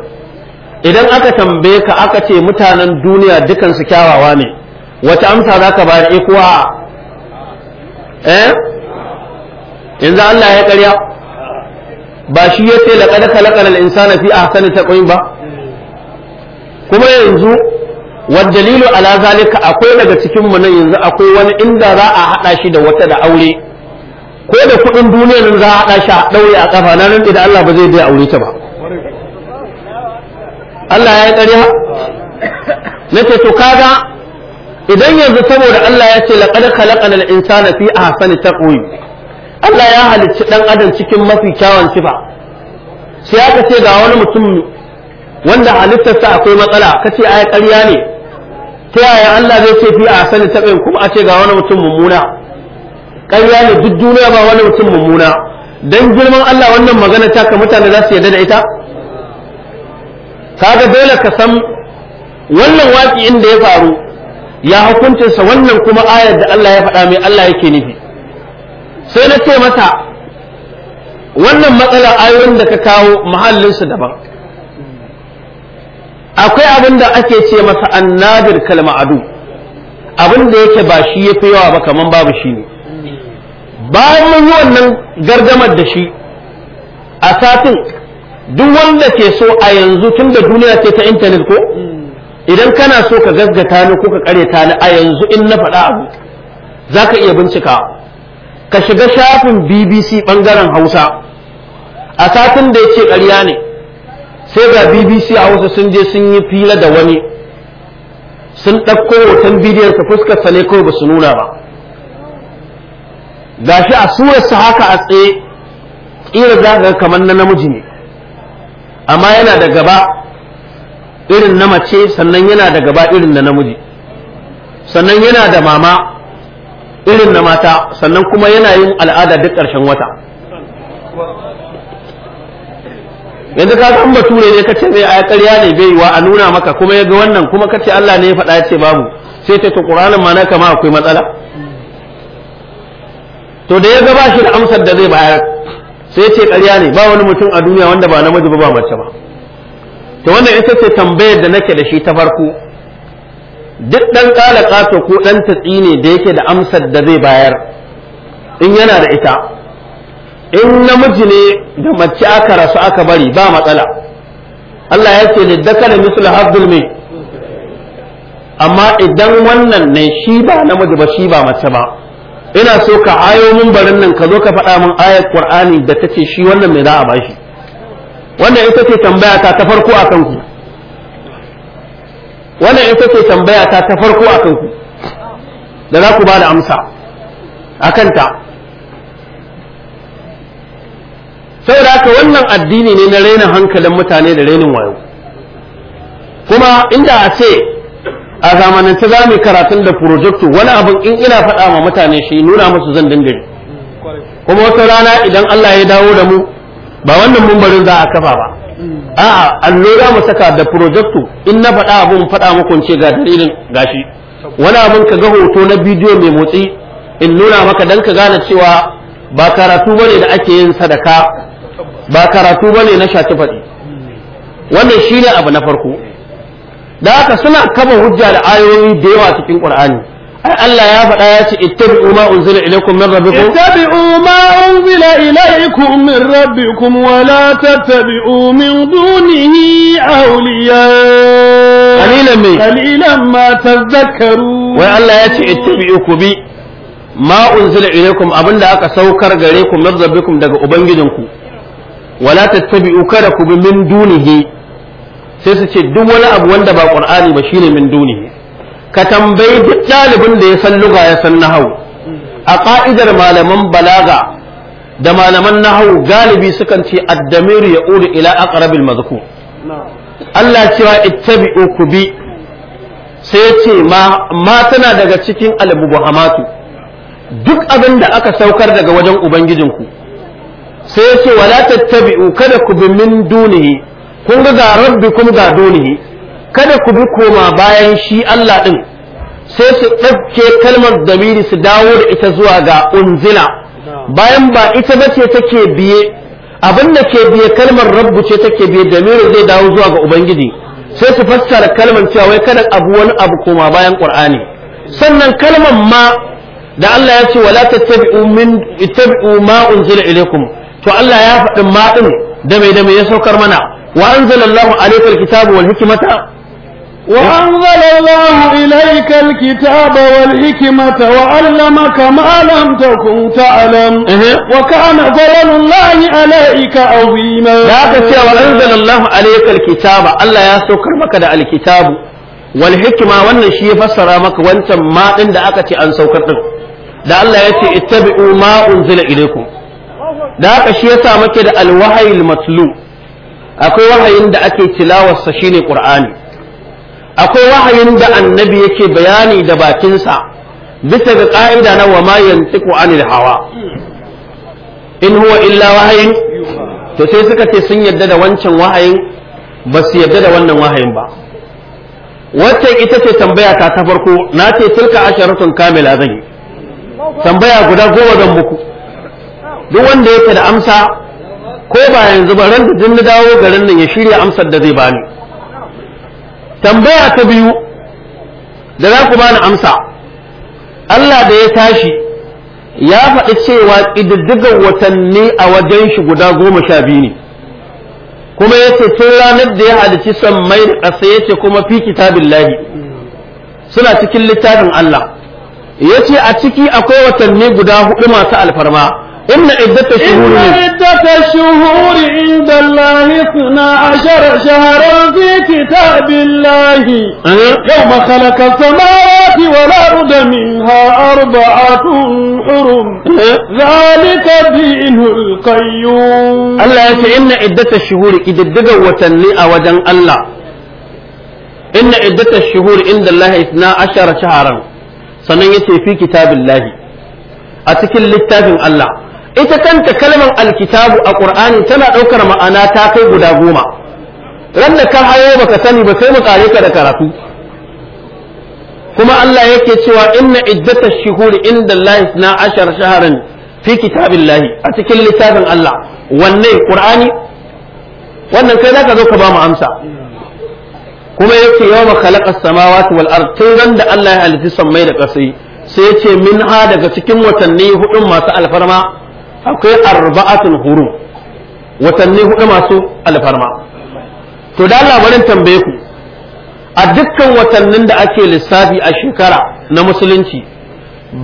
idan aka tambaye ka aka ce mutanen duniya dukan kyawawa ne wata amsa za ka bayar e kuwa eh yanzu Allah ya karya ba shi ya ce laqad khalaqal insana fi ahsani taqwim ba kuma yanzu wadda dalilu ala zalika akwai daga cikin mu nan yanzu akwai wani inda za a haɗa shi da wata da aure ko da kuɗin duniya nan za a haɗa shi a ɗaure a ƙafa na nan idan Allah ba zai dai aure ta ba Allah ya yi ƙarya na ce to kaga idan yanzu saboda Allah ya ce laqad khalaqana al-insana fi ahsani taqwim Allah ya halicci dan adam cikin mafi kyawun sifa sai aka ce ga wani mutum wanda halittarsa akwai matsala kace ai ƙarya ne ta yaya Allah zai ce fi ahsani taqwim kuma a ce ga wani mutum mummuna ƙarya ne duk duniya ba wani mutum mummuna don girman Allah wannan magana ta ka mutane za su yarda da ita kaga dole ka san wannan waki inda ya faru ya hukuncinsa wannan kuma ayar da Allah ya faɗa mai Allah yake nufi sai na ce mata wannan matsalar ayoyin da ka kawo mahallinsu daban akwai abin da ake ce masa annadir kalma'adu abin da yake ba shi ya fi yawa ba kamar babu shi ne bayan mun yi wannan gardamar da shi a satin duk wanda ke so a yanzu tun da duniya ce ta intanet ko idan kana so ka gaggata ni ko ka ta ni a yanzu in na faɗa abu za ka iya bincika ka shiga shafin bbc ɓangaren hausa a satin da ya ce ƙarya ne sai ga bbc hausa sun je sun yi fila da wani sun ɗauko hoton fuskar fuskarsa ne kawai ba su nuna ba gashi a surarsa haka a tsaye ƙira za ga kamar na namiji ne amma yana da gaba irin na mace sannan yana da gaba irin na namiji sannan yana da mama irin na mata sannan kuma yana yin al'ada duk ƙarshen wata yanzu ka san bature ne kace zai aya ƙarya ne bai wa a nuna maka kuma yaga wannan kuma kace Allah ne ya faɗa ya ce babu sai ta ta Qur'anin ma na kama akwai matsala to da ya ga shi da amsar da zai bayar sai ce karya ne ba wani mutum a duniya wanda ba namiji ba ba mace ba to wannan ita ce tambayar da nake da shi ta farko duk ɗan ƙala ƙato ko ɗan tatsi ne da yake da amsar da zai bayar in yana da ita in namiji ne da mace aka rasu aka bari ba matsala Allah ya ce liddaka da mislu haddul mai amma idan wannan ne shi ba namiji ba shi ba mace ba ina so ka ayo mun barin nan ka zo ka faɗa min ayar qur'ani da tace shi wannan mai za a bashi wannan ita ce tambaya ta ta farko akan ku wannan ita ce tambaya ta ta farko akan ku da za ku ba da amsa akan ta saboda haka wannan addini ne na rainin hankalin mutane da rainin wayo kuma inda a ce a zamanance za mu karatun da projecto wani abin in ina faɗa ma mutane shi nuna musu zan dingare kuma wata rana idan Allah ya dawo da mu ba wannan mumbarin za a kafa ba a'a allo za mu saka da projecto in na faɗa abin faɗa muku ce ga dalilin gashi wani abin ka ga hoto na bidiyo mai motsi in nuna maka dan ka gane cewa ba karatu bane da ake yin sadaka ba karatu bane na shafi faɗi wannan shine abu na farko da haka suna kama hujja da ayoyi da yawa cikin qur'ani ai Allah ya faɗa ya ce ittabi'u ma unzila ilaykum min rabbikum ittabi'u ma unzila ilaykum min rabbikum wa la tattabi'u min dunihi awliya qalilan me qalilan ma tadhakkaru wai Allah ya ce ittabi'u ku bi ma unzila ilaykum abinda aka saukar gare ku min rabbikum daga ubangijinku wala tattabi'u kada ku bi min dunihi sai su ce duk wani abu wanda ba qur'ani ba shine min duni ka tambayi duk ɗalibin da ya san luga ya san nahau a ka'idar malaman balaga da malaman nahau galibi sukan ce addamiru ya uri ila aqrabil mazkur Allah cewa ittabi'u ku bi sai ya ce ma tana daga cikin almubuhamatu duk abin da aka saukar daga wajen ubangijinku sai ya ce wala tattabi'u kada ku bi min dunihi kun ga ga kum ga dole kada ku bi koma bayan shi Allah din sai su ɗauke kalmar damiri su dawo da ita zuwa ga unzila bayan ba ita ba ce take biye abin da ke biye kalmar rabbu ce take biye damiru zai dawo zuwa ga ubangiji sai su fassara kalmar cewa wai kada abu wani abu koma bayan qur'ani sannan kalmar ma da Allah ya ce wala tattabi'u min ittabi'u ma unzila ilaykum to Allah ya faɗi ma din da mai da mai ya saukar mana وأنزل الله عليك الكتاب والحكمة وأنزل الله إليك الكتاب والحكمة وعلمك ما لم تكن تعلم إيه. وكان فضل الله عليك عظيما لا تسيا وأنزل الله عليك الكتاب الله يا سكر مكدا الكتاب والحكمة وأن شيء فسر مك وأنت ما عند أكتي أن سوكرتك لا الله ya اتبعوا ما أنزل إليكم ilaykum da haka الوحي المطلوب akwai wahayin da ake tilawarsa shine qur'ani akwai wahayin da annabi yake bayani da bakinsa bisa ga ka'ida na wa ma yantiqu anil hawa in huwa illa wahayin to sai suka ce sun yadda da wancan wahayin ba su yadda da wannan wahayin ba wacce ita ce tambaya ta ta farko na ce tilka asharatun kamila zan yi tambaya guda goma don muku duk wanda yake da amsa ko ba yanzu ba ran da na dawo garin nan ya shirya amsar da zai bani tambaya ta biyu da za ku bani amsa Allah da ya tashi ya faɗi cewa ƙididdigar watanni a wajen shi guda goma sha biyu ne kuma ya ce tun ranar da ya halici mai da ƙasa ya ce kuma fi kitabin lahi suna cikin littafin Allah ya ce a ciki akwai watanni guda hudu masu alfarma إن عدة الشهور إن عدة الشهور عند الله اثنا عشر شهرا في كتاب الله أه؟ يوم خلق السماوات والأرض منها أربعة حرم أه؟ ذلك دينه القيوم الله إن عدة الشهور إذا دقوة وتنلي أودا الله إن عدة الشهور عند الله اثنا عشر شهرا سنة في كتاب الله أتكل للتاج الله ita kanta kalmar alkitabu a ƙur'ani tana ɗaukar ma'ana ta kai guda goma ran da ka hayo baka sani ba sai mu tsare ka da karatu kuma Allah yake cewa inna iddatash shuhuri inda Allah na ashar shaharan fi kitabillahi a cikin littafin Allah wanne ƙur'ani wannan kai zaka zo ka ba mu amsa kuma yake yawma khalaqa samawati wal ard tun ran da Allah ya halitta sammai da ƙasai sai ya ce min ha daga cikin watanni hudun masu alfarma akwai arba'atul huru, watanni hudu masu alfarma to da labarin tambaye ku a dukkan watannin da ake lissafi a shekara na musulunci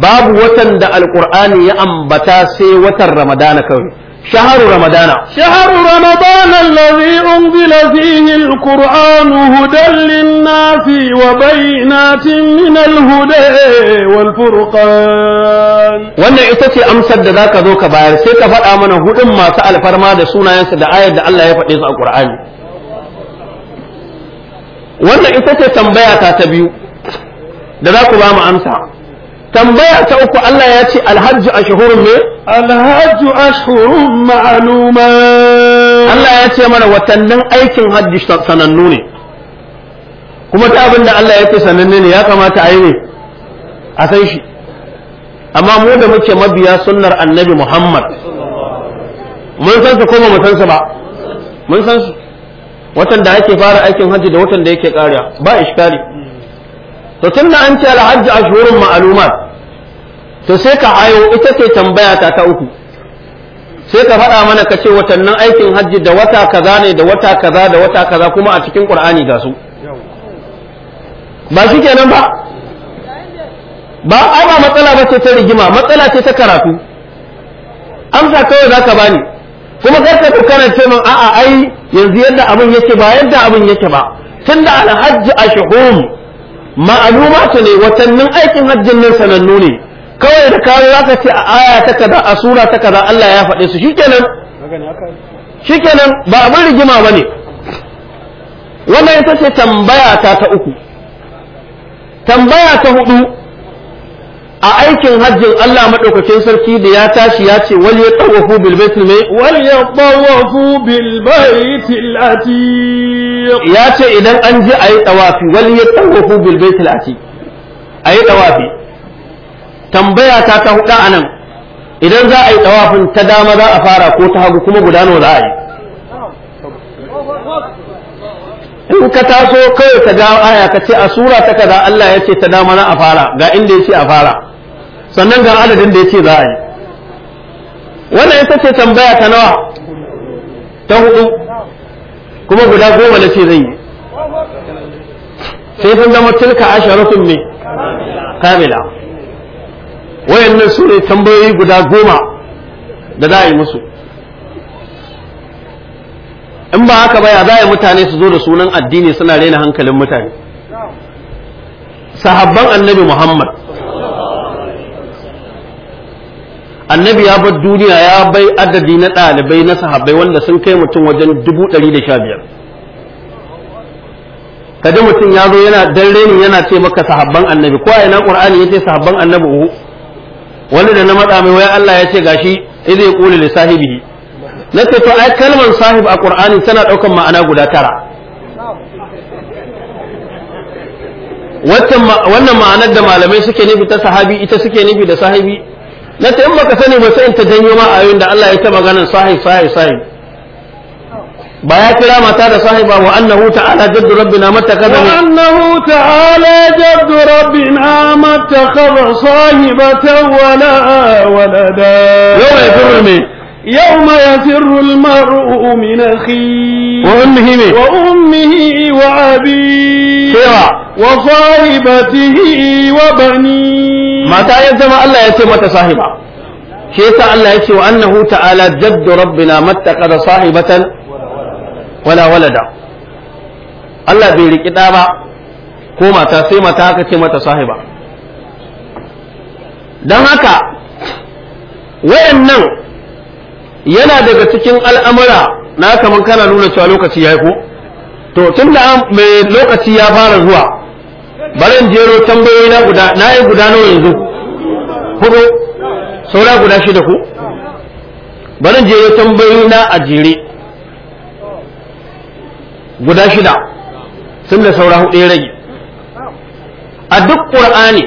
babu watan da alkur'ani ya ambata sai watan ramadana kawai شهر رمضان شهر رمضان الذي أنزل فيه القرآن هدى للناس وبينات من الهدى والفرقان وانا اتسي امسد ذاك ذوك باير سيك فرع من هدى ما سأل فرما دا سونا ينسد آية دا الله يفعل القرآن وانا اتسي تنبيع تاتبيو ذاك ذاك ذاك tambaya ta uku Allah ya ce alhajju ashhurun ne alhajju ashhurun ma'luma Allah ya ce mana watannin aikin hajji sanannu ne kuma ta abin da Allah ya ce sananne ne ya kamata a yi ne a san shi amma mu da muke mabiya sunnar annabi Muhammad mun san su ko mu san su ba mun san su watan da ake fara aikin hajji da watan da yake kariya ba iskali to tunda an ce alhajji ashhurun ma'aluma to sai ka ayo ita ce tambaya ta ta uku sai ka faɗa mana ka ce watannin aikin hajji da wata kaza ne da wata kaza da wata kaza kuma a cikin qur'ani ga su ba shi kenan ba ba ai ba matsala ba ce ta rigima matsala ce ta karatu amsa kawai za ka bani kuma karka ku karance min a'a ai yanzu yadda abin yake ba yadda abin yake ba tunda alhajji ashhurun su ne watannin aikin hajjin nan sanannu ne kawai da kawai za ka ce a aya ta kaza a sura ta kaza Allah ya faɗe su shikenan shikenan ba rigima ba ne wannan ita ce tambaya ta ta uku tambaya ta hudu a aikin hajjin Allah madaukakin sarki da ya tashi ya ce wal yatawafu bil bait mai wal yatawafu bil bait atiq ya ce idan an ji ayi tawafi wal yatawafu bil bait atiq ayi tawafi tambaya ta ta huda anan idan za a yi tawafin ta dama za a fara ko ta hagu kuma guda nawa za a yi in ka taso kawai ta ga aya ka ce a sura ta kaza Allah ya ce ta dama na a fara ga inda ya ce a fara sannan ga adadin da ce za a yi wannan ita ce tambaya ta nawa ta hudu kuma guda goma na ce zai yi sai sun zama tilka asharatun ne kamila wayannan su ne tambayoyi guda goma da za a yi musu in ba haka baya za mutane su zo da sunan addini suna raina hankalin mutane sahabban annabi muhammad annabi ya bar duniya ya bai adadi na ɗalibai na sahabbai wanda sun kai mutum wajen dubu ɗari da sha biyar kaji mutum ya zo yana dan reni yana ce maka sahabban annabi ko ina qur'ani yace sahabban annabi uhu wani da na matsa mai waya Allah ya ce gashi idai yaqulu li sahibihi ce to ai kalmar sahib a qur'ani tana daukan ma'ana guda tara wannan ma'anar da malamai suke nufi ta sahabi ita suke nufi da sahibi na ta in baka sani ba sai in ta janyo ma ayoyin da Allah ya ta maganar sahib sahib sahib ba ya kira mata da sahiba wa annahu ta'ala jaddu rabbina mattakhadha wa annahu ta'ala jaddu rabbina mattakhadha sahibatan wala walada mai yafirru me yawma yafirru al-mar'u min akhihi wa ummihi wa ummihi wa cewa. wa sahibatihi wa bani. mata ya zama Allah ya ce mata sahiba shi yasa Allah ya ce wa annahu ta'ala jaddu rabbina mattaqada sahibatan wala walada Allah bai riki da ba ko mata sai mata aka ce mata sahiba dan haka wayannan yana daga cikin al'amura na kaman kana nuna cewa lokaci ya yi ko to tun da mai lokaci ya fara zuwa barin jero tambayoyi na guda na yi guda nawa yanzu hudu saura guda shida ku barin jero tambayoyi na a jere guda shida sun da saura hudu ya rage a duk ƙur'ani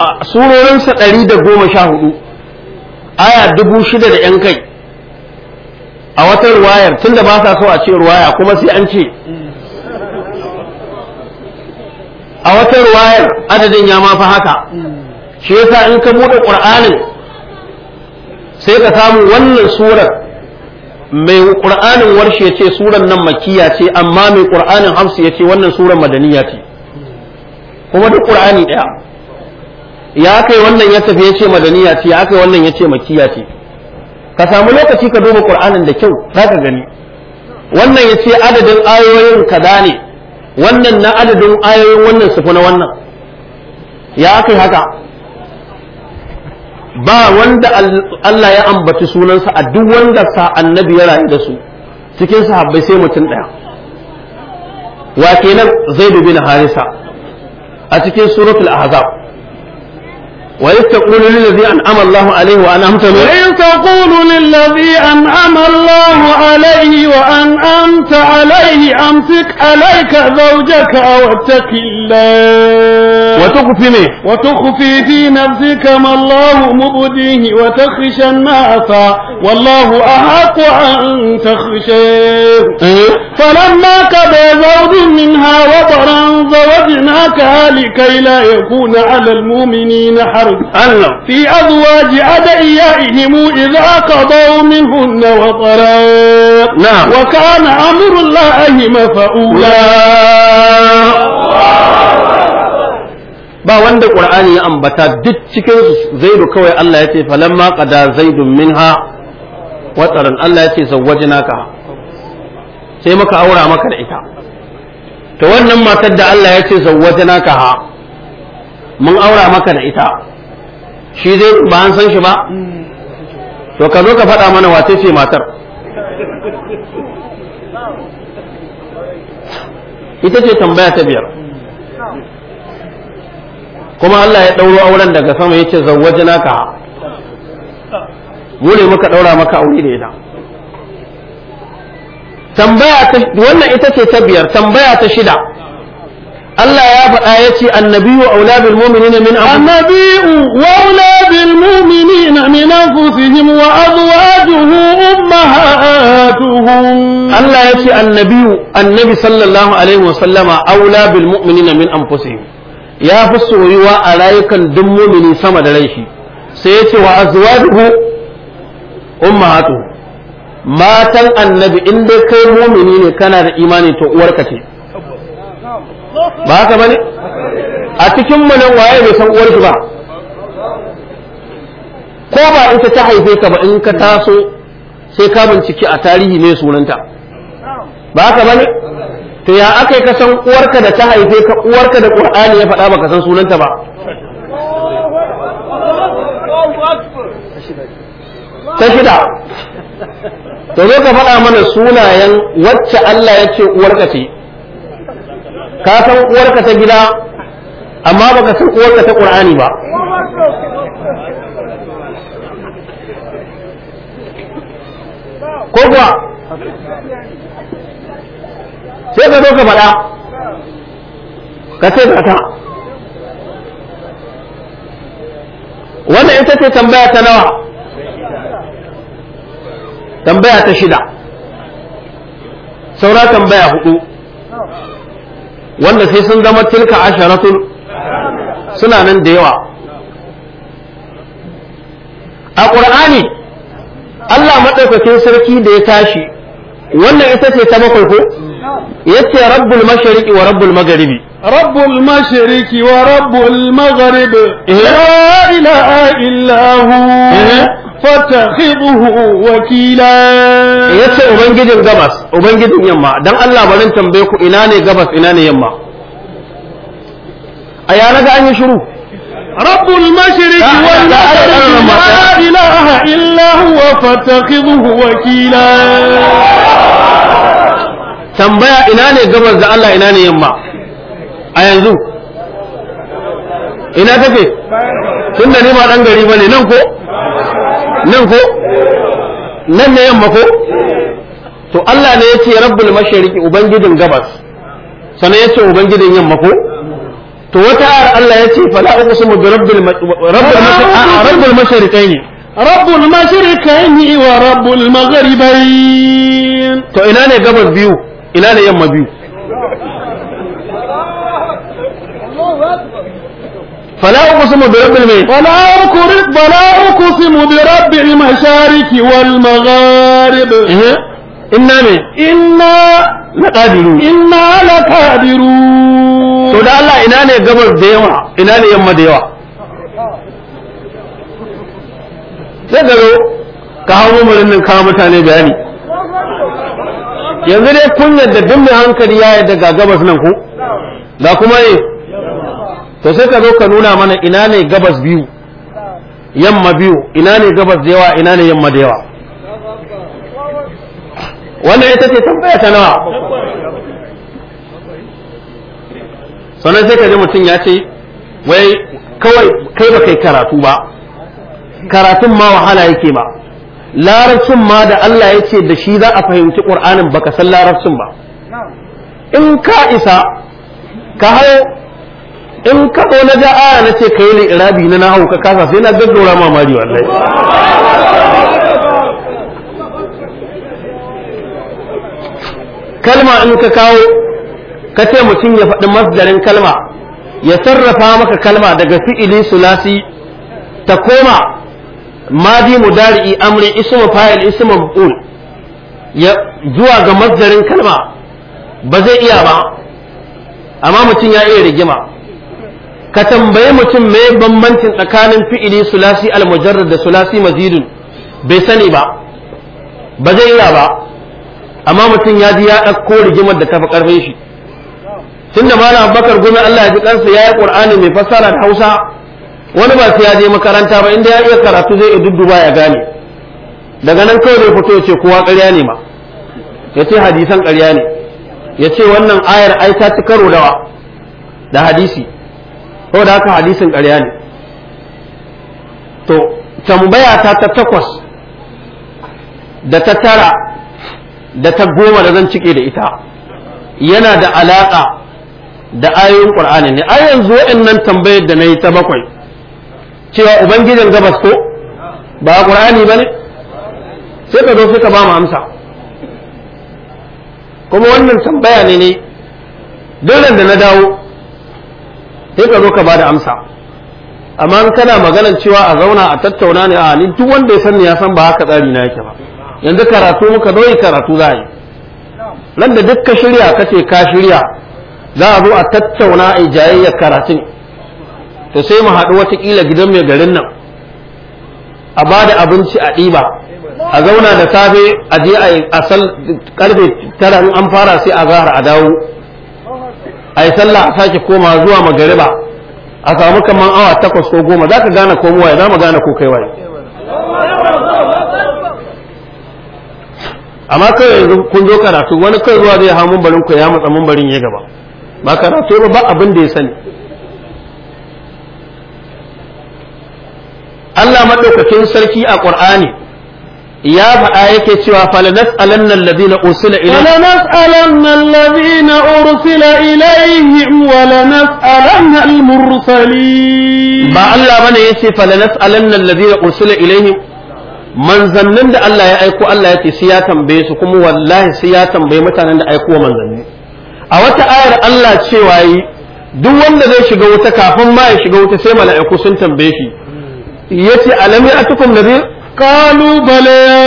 a surorinsa ɗari da goma sha hudu aya dubu shida da ‘yan kai a watan ruwayar tun da ba sa so a ce ruwaya kuma sai an ce a wata ruwayar adadin ya mafi haka shi yasa in ka buɗe ƙur'anin sai ka samu wannan surar mai ƙur'anin warshe ce surar nan makiya ce amma mai ƙur'anin hamsu ya ce wannan surar madaniya ce kuma duk ƙur'ani ɗaya ya kai wannan ya tafi ya ce madaniya ce ya kai wannan ya ce makiya ce ka samu lokaci ka duba ƙur'anin da kyau za ka gani wannan ya ce adadin ayoyin kaza ne wannan na adadin ayoyin wannan sufi na wannan ya kai haka ba wanda Allah ya ambaci sunansa a duk wanda sa annabi ya rayu da su cikin sahabbai sai mutum ɗaya wa kenan zai na harisa a cikin suratul ahzab وإذ تقول للذي أنعم الله عليه وأنعمت عليه وإذ تقول للذي أنعم الله عليه وأنعمت عليه أمسك عليك زوجك أو اتق الله وتخفي مي وتخفي في نفسك ما الله مبديه وتخشى الناس والله أحق أن تخشيه إيه؟ فلما قضى زوج منها وطرا زوجناك لكي لا يكون على المؤمنين حرام أنه في أزواج أدعيائهم إذا wa منهن وطرا نعم وكان أمر الله مفعولا ba wanda qur'ani ya ambata duk cikin zaidu kawai Allah ya ce falamma qada zaidun minha wataran Allah ya ce zawwajnaka sai muka aura maka da ita to wannan matar da Allah ya ce zawwajnaka ha mun aura maka da ita shi zai ba an san shi ba to ka zo ka faɗa mana wace ce matar ita ce tambaya ta biyar kuma Allah ya ɗauro auren daga sama ya ce zawwajina ka mu ne muka ɗaura maka aure da ita tambaya ta wannan ita ce ta biyar tambaya ta shida الله يا آية النبي وأولاد المؤمنين من أنفسهم النبي وأولاد المؤمنين من أنفسهم وأزواجه أمهاتهم الله يا النبي النبي صلى الله عليه وسلم أولاد المؤمنين من أنفسهم يا فس ويوا عليك الدم من سما دليش سيت وأزواجه أمهاتهم ما تن النبي إن كان مؤمنين كان إيمانه وركته ba haka bane a cikin mu nan waye bai san uwar ba ko ba in ta haife ka ba in ka taso sai ka binciki a tarihi ne sunanta ba haka bane to ya aka yi kasan uwarka da ta haife ka uwarka da qur'ani ya faɗa baka san sunanta ba ta shida to zo ka faɗa mana sunayen wacce Allah ya ce uwarka ce ka san uwarka ta gida amma baka san uwarka ta qur'ani ba ko kuwa sai ka zo ka faɗa ka ce ta wannan ita ce tambaya ta nawa tambaya ta shida saura tambaya hudu wanda sai sun zama tilka asharatun suna nan da yawa a ƙur'ani Allah maɗaukakin sarki da ya tashi wannan ita ce ta bakwai ko yace rabbul mashariki wa rabbul magharibi rabbul mashariki wa rabbul magharibi eh. la ilaha illa hu eh. fattakhidhu wakila yace ubangijin gabas ubangijin yamma dan Allah barin tambaye ku ina ne gabas ina ne yamma a ya naga yi shiru rabbul mashriq wal maghrib la ilaha illa huwa fattakhidhu wakila tambaya ina ne gabas da Allah ina ne yamma a yanzu ina take tunda ni ba dan gari bane nan ko nan ko nan ne yamma ko to Allah ne yace rabbul mashriqi ubangijin gabas sannan yace ubangijin yamma ko to wata ayar Allah yace fala uqsimu bi rabbil rabbul mashriqaini rabbul mashriqaini wa rabbul maghribain to ina ne gabas biyu ina ne yamma biyu فلا أقسم برب المشارق فلا فلا أقسم برب المشارق والمغارب إيه؟ إنا مي إنا لقادرون إنا لقادرون to da Allah ina ne gabar da yawa ina ne yamma da yawa sai garo ka hawo murin nan kawo mutane bayani yanzu dai kun yarda duk mai hankali ya yadda ga gabas nan ko kuma ne to sai ka zo ka nuna mana ina ne gabas biyu yamma biyu ina ne gabas da yawa ina ne yamma da yawa wannan ita ce tambaya ta nawa sannan sai ka ji mutum ya ce wai kawai kai ba kai karatu ba karatun ma wahala yake ba larabcin ma da Allah ya ce da shi za a fahimci ƙur'anin baka san larabcin ba in ka isa ka hau in kaɗo na ja na ce ka yi irabi na na hauka kasa sai na gaggaura mamari wallahi kalma in ka kawo ka ce mutum ya faɗi masdarin kalma ya sarrafa maka kalma daga fi'ili sulasi ta koma madi mudari'i amri ismu fa'il ismu maf'ul ya zuwa ga masdarin kalma ba zai iya ba amma mutum ya iya rigima ka tambayi mutum mai bambancin tsakanin fi'ili sulasi al-mujarrad da sulasi mazidun bai sani ba ba zai yi ba amma mutum ya ji ya ɗauko rigimar da tafi ƙarfin shi tunda malam Abubakar gumi Allah ya ji kansa yayi Qur'ani mai fassara da Hausa wani ba sai ya je makaranta ba inda ya iya karatu zai iya dudduba ya gane daga nan kawai zai fito ya ce kowa ƙarya ne ma ya ce hadisan ƙarya ne ya ce wannan ayar ai ta ci karo dawa da hadisi ko da haka hadisin ƙarya ne to tambaya ta ta takwas da ta tara da ta goma da zan cike da ita yana da alaƙa da ayoyin ƙur'ani ne ai yanzu waɗannan tambayar da na yi ta bakwai cewa ubangijin gabas ko ba ƙur'ani ba ne sai ka zo suka ba mu amsa kuma wannan tambaya ne ne dole da na dawo sai ka zo ka da amsa amma in kana maganar cewa a zauna a tattauna ne a ni duk wanda ya sanni ya san ba haka tsari na yake ba yanzu karatu muka doyi karatu za a yi nan da duk ka shirya kace ka shirya za a zo a tattauna a jayayyar karatun to sai mu haɗu watakila gidan mai garin nan a ba da abinci a ɗiba a zauna da safe a je a asal karfe tara an fara sai a zahar a dawo a yi sallah a sake koma zuwa magariba a samu kamar awa takwas ko goma za ka gane ko waye za mu gane ko kai waye amma kai yanzu kun zo karatu wani kai zuwa zai hamun barin ku ya matsa mun barin ya gaba ba karatu ba ba abin da ya sani Allah madaukakin sarki a Qur'ani ya faɗa yake cewa falanas alannan ladina ursila ilayhi falanas alannan ladina ursila ilayhim wa lanas alannal mursalin ba Allah bane yace falanas alannan ladina ursila ilayhim manzannin da Allah ya aiko Allah yace sai ya tambaye su kuma wallahi sai ya tambaye mutanen da aiko a wata ayar Allah cewa yi duk wanda zai shiga wuta kafin ma ya shiga wuta sai mala'iku sun tambaye shi yace alami atukum nadir قالوا بلى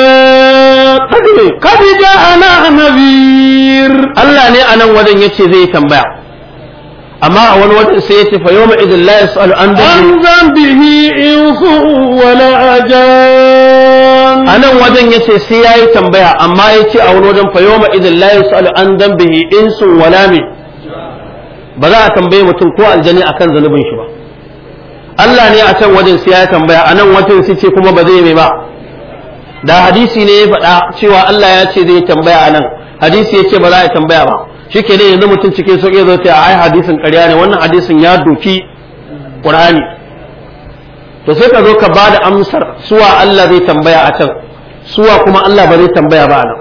قد جاءنا نذير الله ne anan wajen yace zai tambaya amma a wani wajen sai yace fa yawma idin la yasalu an dhanbihi insu wala ajan anan wajen yace sai yayi tambaya amma yace a wani wajen fa yawma idin la yasalu an dhanbihi insu wala me ba za a mutum ko aljani akan zanubin shi ba Allah ne a can wajen sai ya tambaya a nan wajen su ce kuma ba zai mai ba da hadisi ne ya faɗa cewa Allah ya ce zai tambaya a nan hadisi ya ce ba za a tambaya ba shike ne yanzu mutum cikin sauƙi zo ta ai hadisin ƙarya ne wannan hadisin ya doki Qur'ani to sai ka zo ka ba da amsar suwa Allah zai tambaya a can suwa kuma Allah ba zai tambaya ba a nan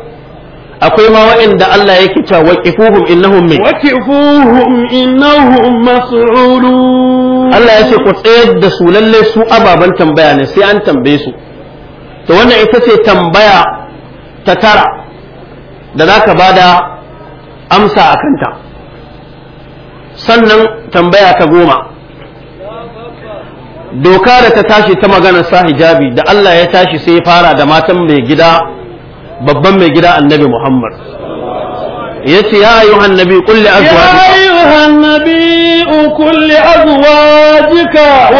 akwai ma waɗanda Allah yake cewa waqifuhum innahum min waqifuhum innahum mas'ulun Allah ya ku tsayar da su lalle su ababan tambaya ne sai an tambaye su to wannan ita ce tambaya ta tara da zaka bada amsa a kanta sannan tambaya ta goma doka da ta tashi ta maganar sa hijabi da Allah ya tashi sai ya fara da matan mai gida babban mai gida annabi Muhammad yace ya ayyuhan nabi qul li azwajika ya ayyuhan nabi qul li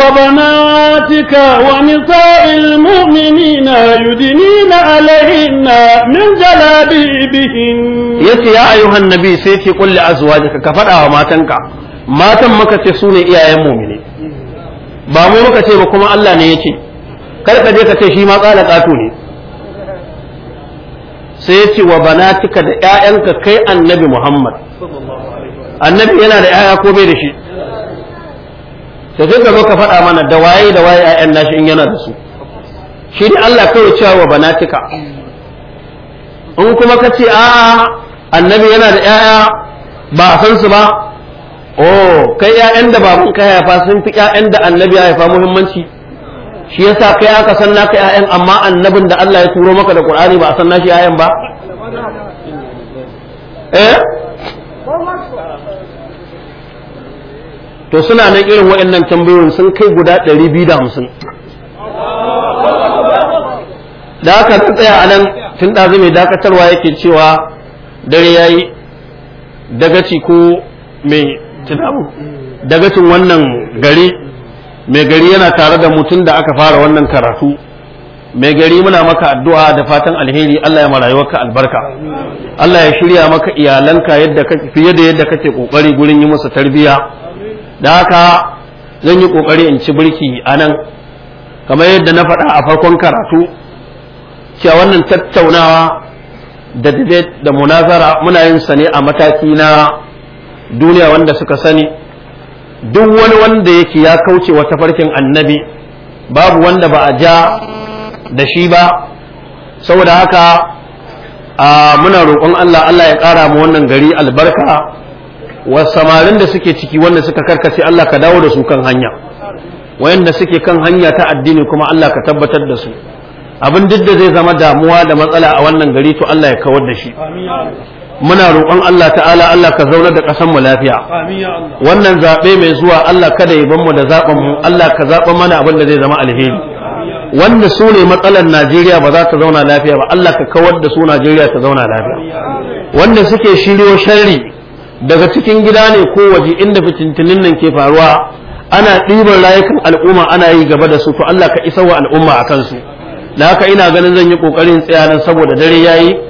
wa banatika wa nisa'il mu'minina yudnina alayhinna min jalabibihin yace ya ayyuhan nabi sai ce qul li azwajika ka faɗawa wa matanka matan maka ce sune iyayen mu'mini ba mu muka ce ba kuma Allah ne yace kar ka je ka ce shi ma tsala kato ne sai ya ce wa banatika da 'ya'yanka kai annabi Muhammad annabi yana da 'ya'ya ko bai da shi to duk da ka faɗa mana da waye da waye ƴaƴan nashi in yana da su shi ne Allah kawai cewa wa banatika in kuma ka ce a'a annabi yana da 'ya'ya ba a san su ba oh kai 'ya'yan da babanka ka haifa sun fi 'ya'yan da annabi ya haifa muhimmanci shi yasa kai aka san naka ƴaƴan amma annabin da Allah ya turo maka da Qur'ani ba a san nashi ƴaƴan ba eh to suna nan irin waɗannan tambayoyin sun kai guda 250 da aka tsaya a nan tun ɗazu mai dakatarwa yake cewa dare ya yi dagaci ko mai tunamu dagacin wannan gari mai gari yana tare da mutum da aka fara wannan karatu mai gari muna maka addu'a da fatan alheri Allah ya marayuwarka albarka Allah ya shirya maka iyalanka yadda fiye da yadda kake kokari gurin yi musu tarbiyya da haka zan yi kokari in ci birki a nan kamar yadda na faɗa a farkon karatu cewa wannan tattaunawa da debate da munazara muna yin sa ne a mataki na duniya wanda suka sani duk wani wanda yake ya kauce wa tafarkin annabi babu wanda ba a ja da shi ba saboda haka a muna roƙon Allah Allah ya ƙara mu wannan gari albarka wa samarin da suke ciki wanda suka karkace Allah ka dawo da su kan hanya wayanda suke kan hanya ta addini kuma Allah ka tabbatar da su abin duk da zai zama damuwa da matsala a wannan gari to Allah ya kawar da shi muna roƙon Allah ta'ala Allah ka zauna da ƙasar mu lafiya wannan zaɓe mai zuwa Allah kada ya ban mu da zaɓen mu Allah ka zaɓa mana abin da zai zama alheri wanda su ne matsalar Najeriya ba za ta zauna lafiya ba Allah ka kawar da su Najeriya ta zauna lafiya wanda suke shiryo sharri daga cikin gida ne ko waje inda fitintinin nan ke faruwa ana ɗiban rayukan al'umma ana yi gaba da su to Allah ka isa wa al'umma a kansu da haka ina ganin zan yi ƙoƙarin tsaya nan saboda dare yayi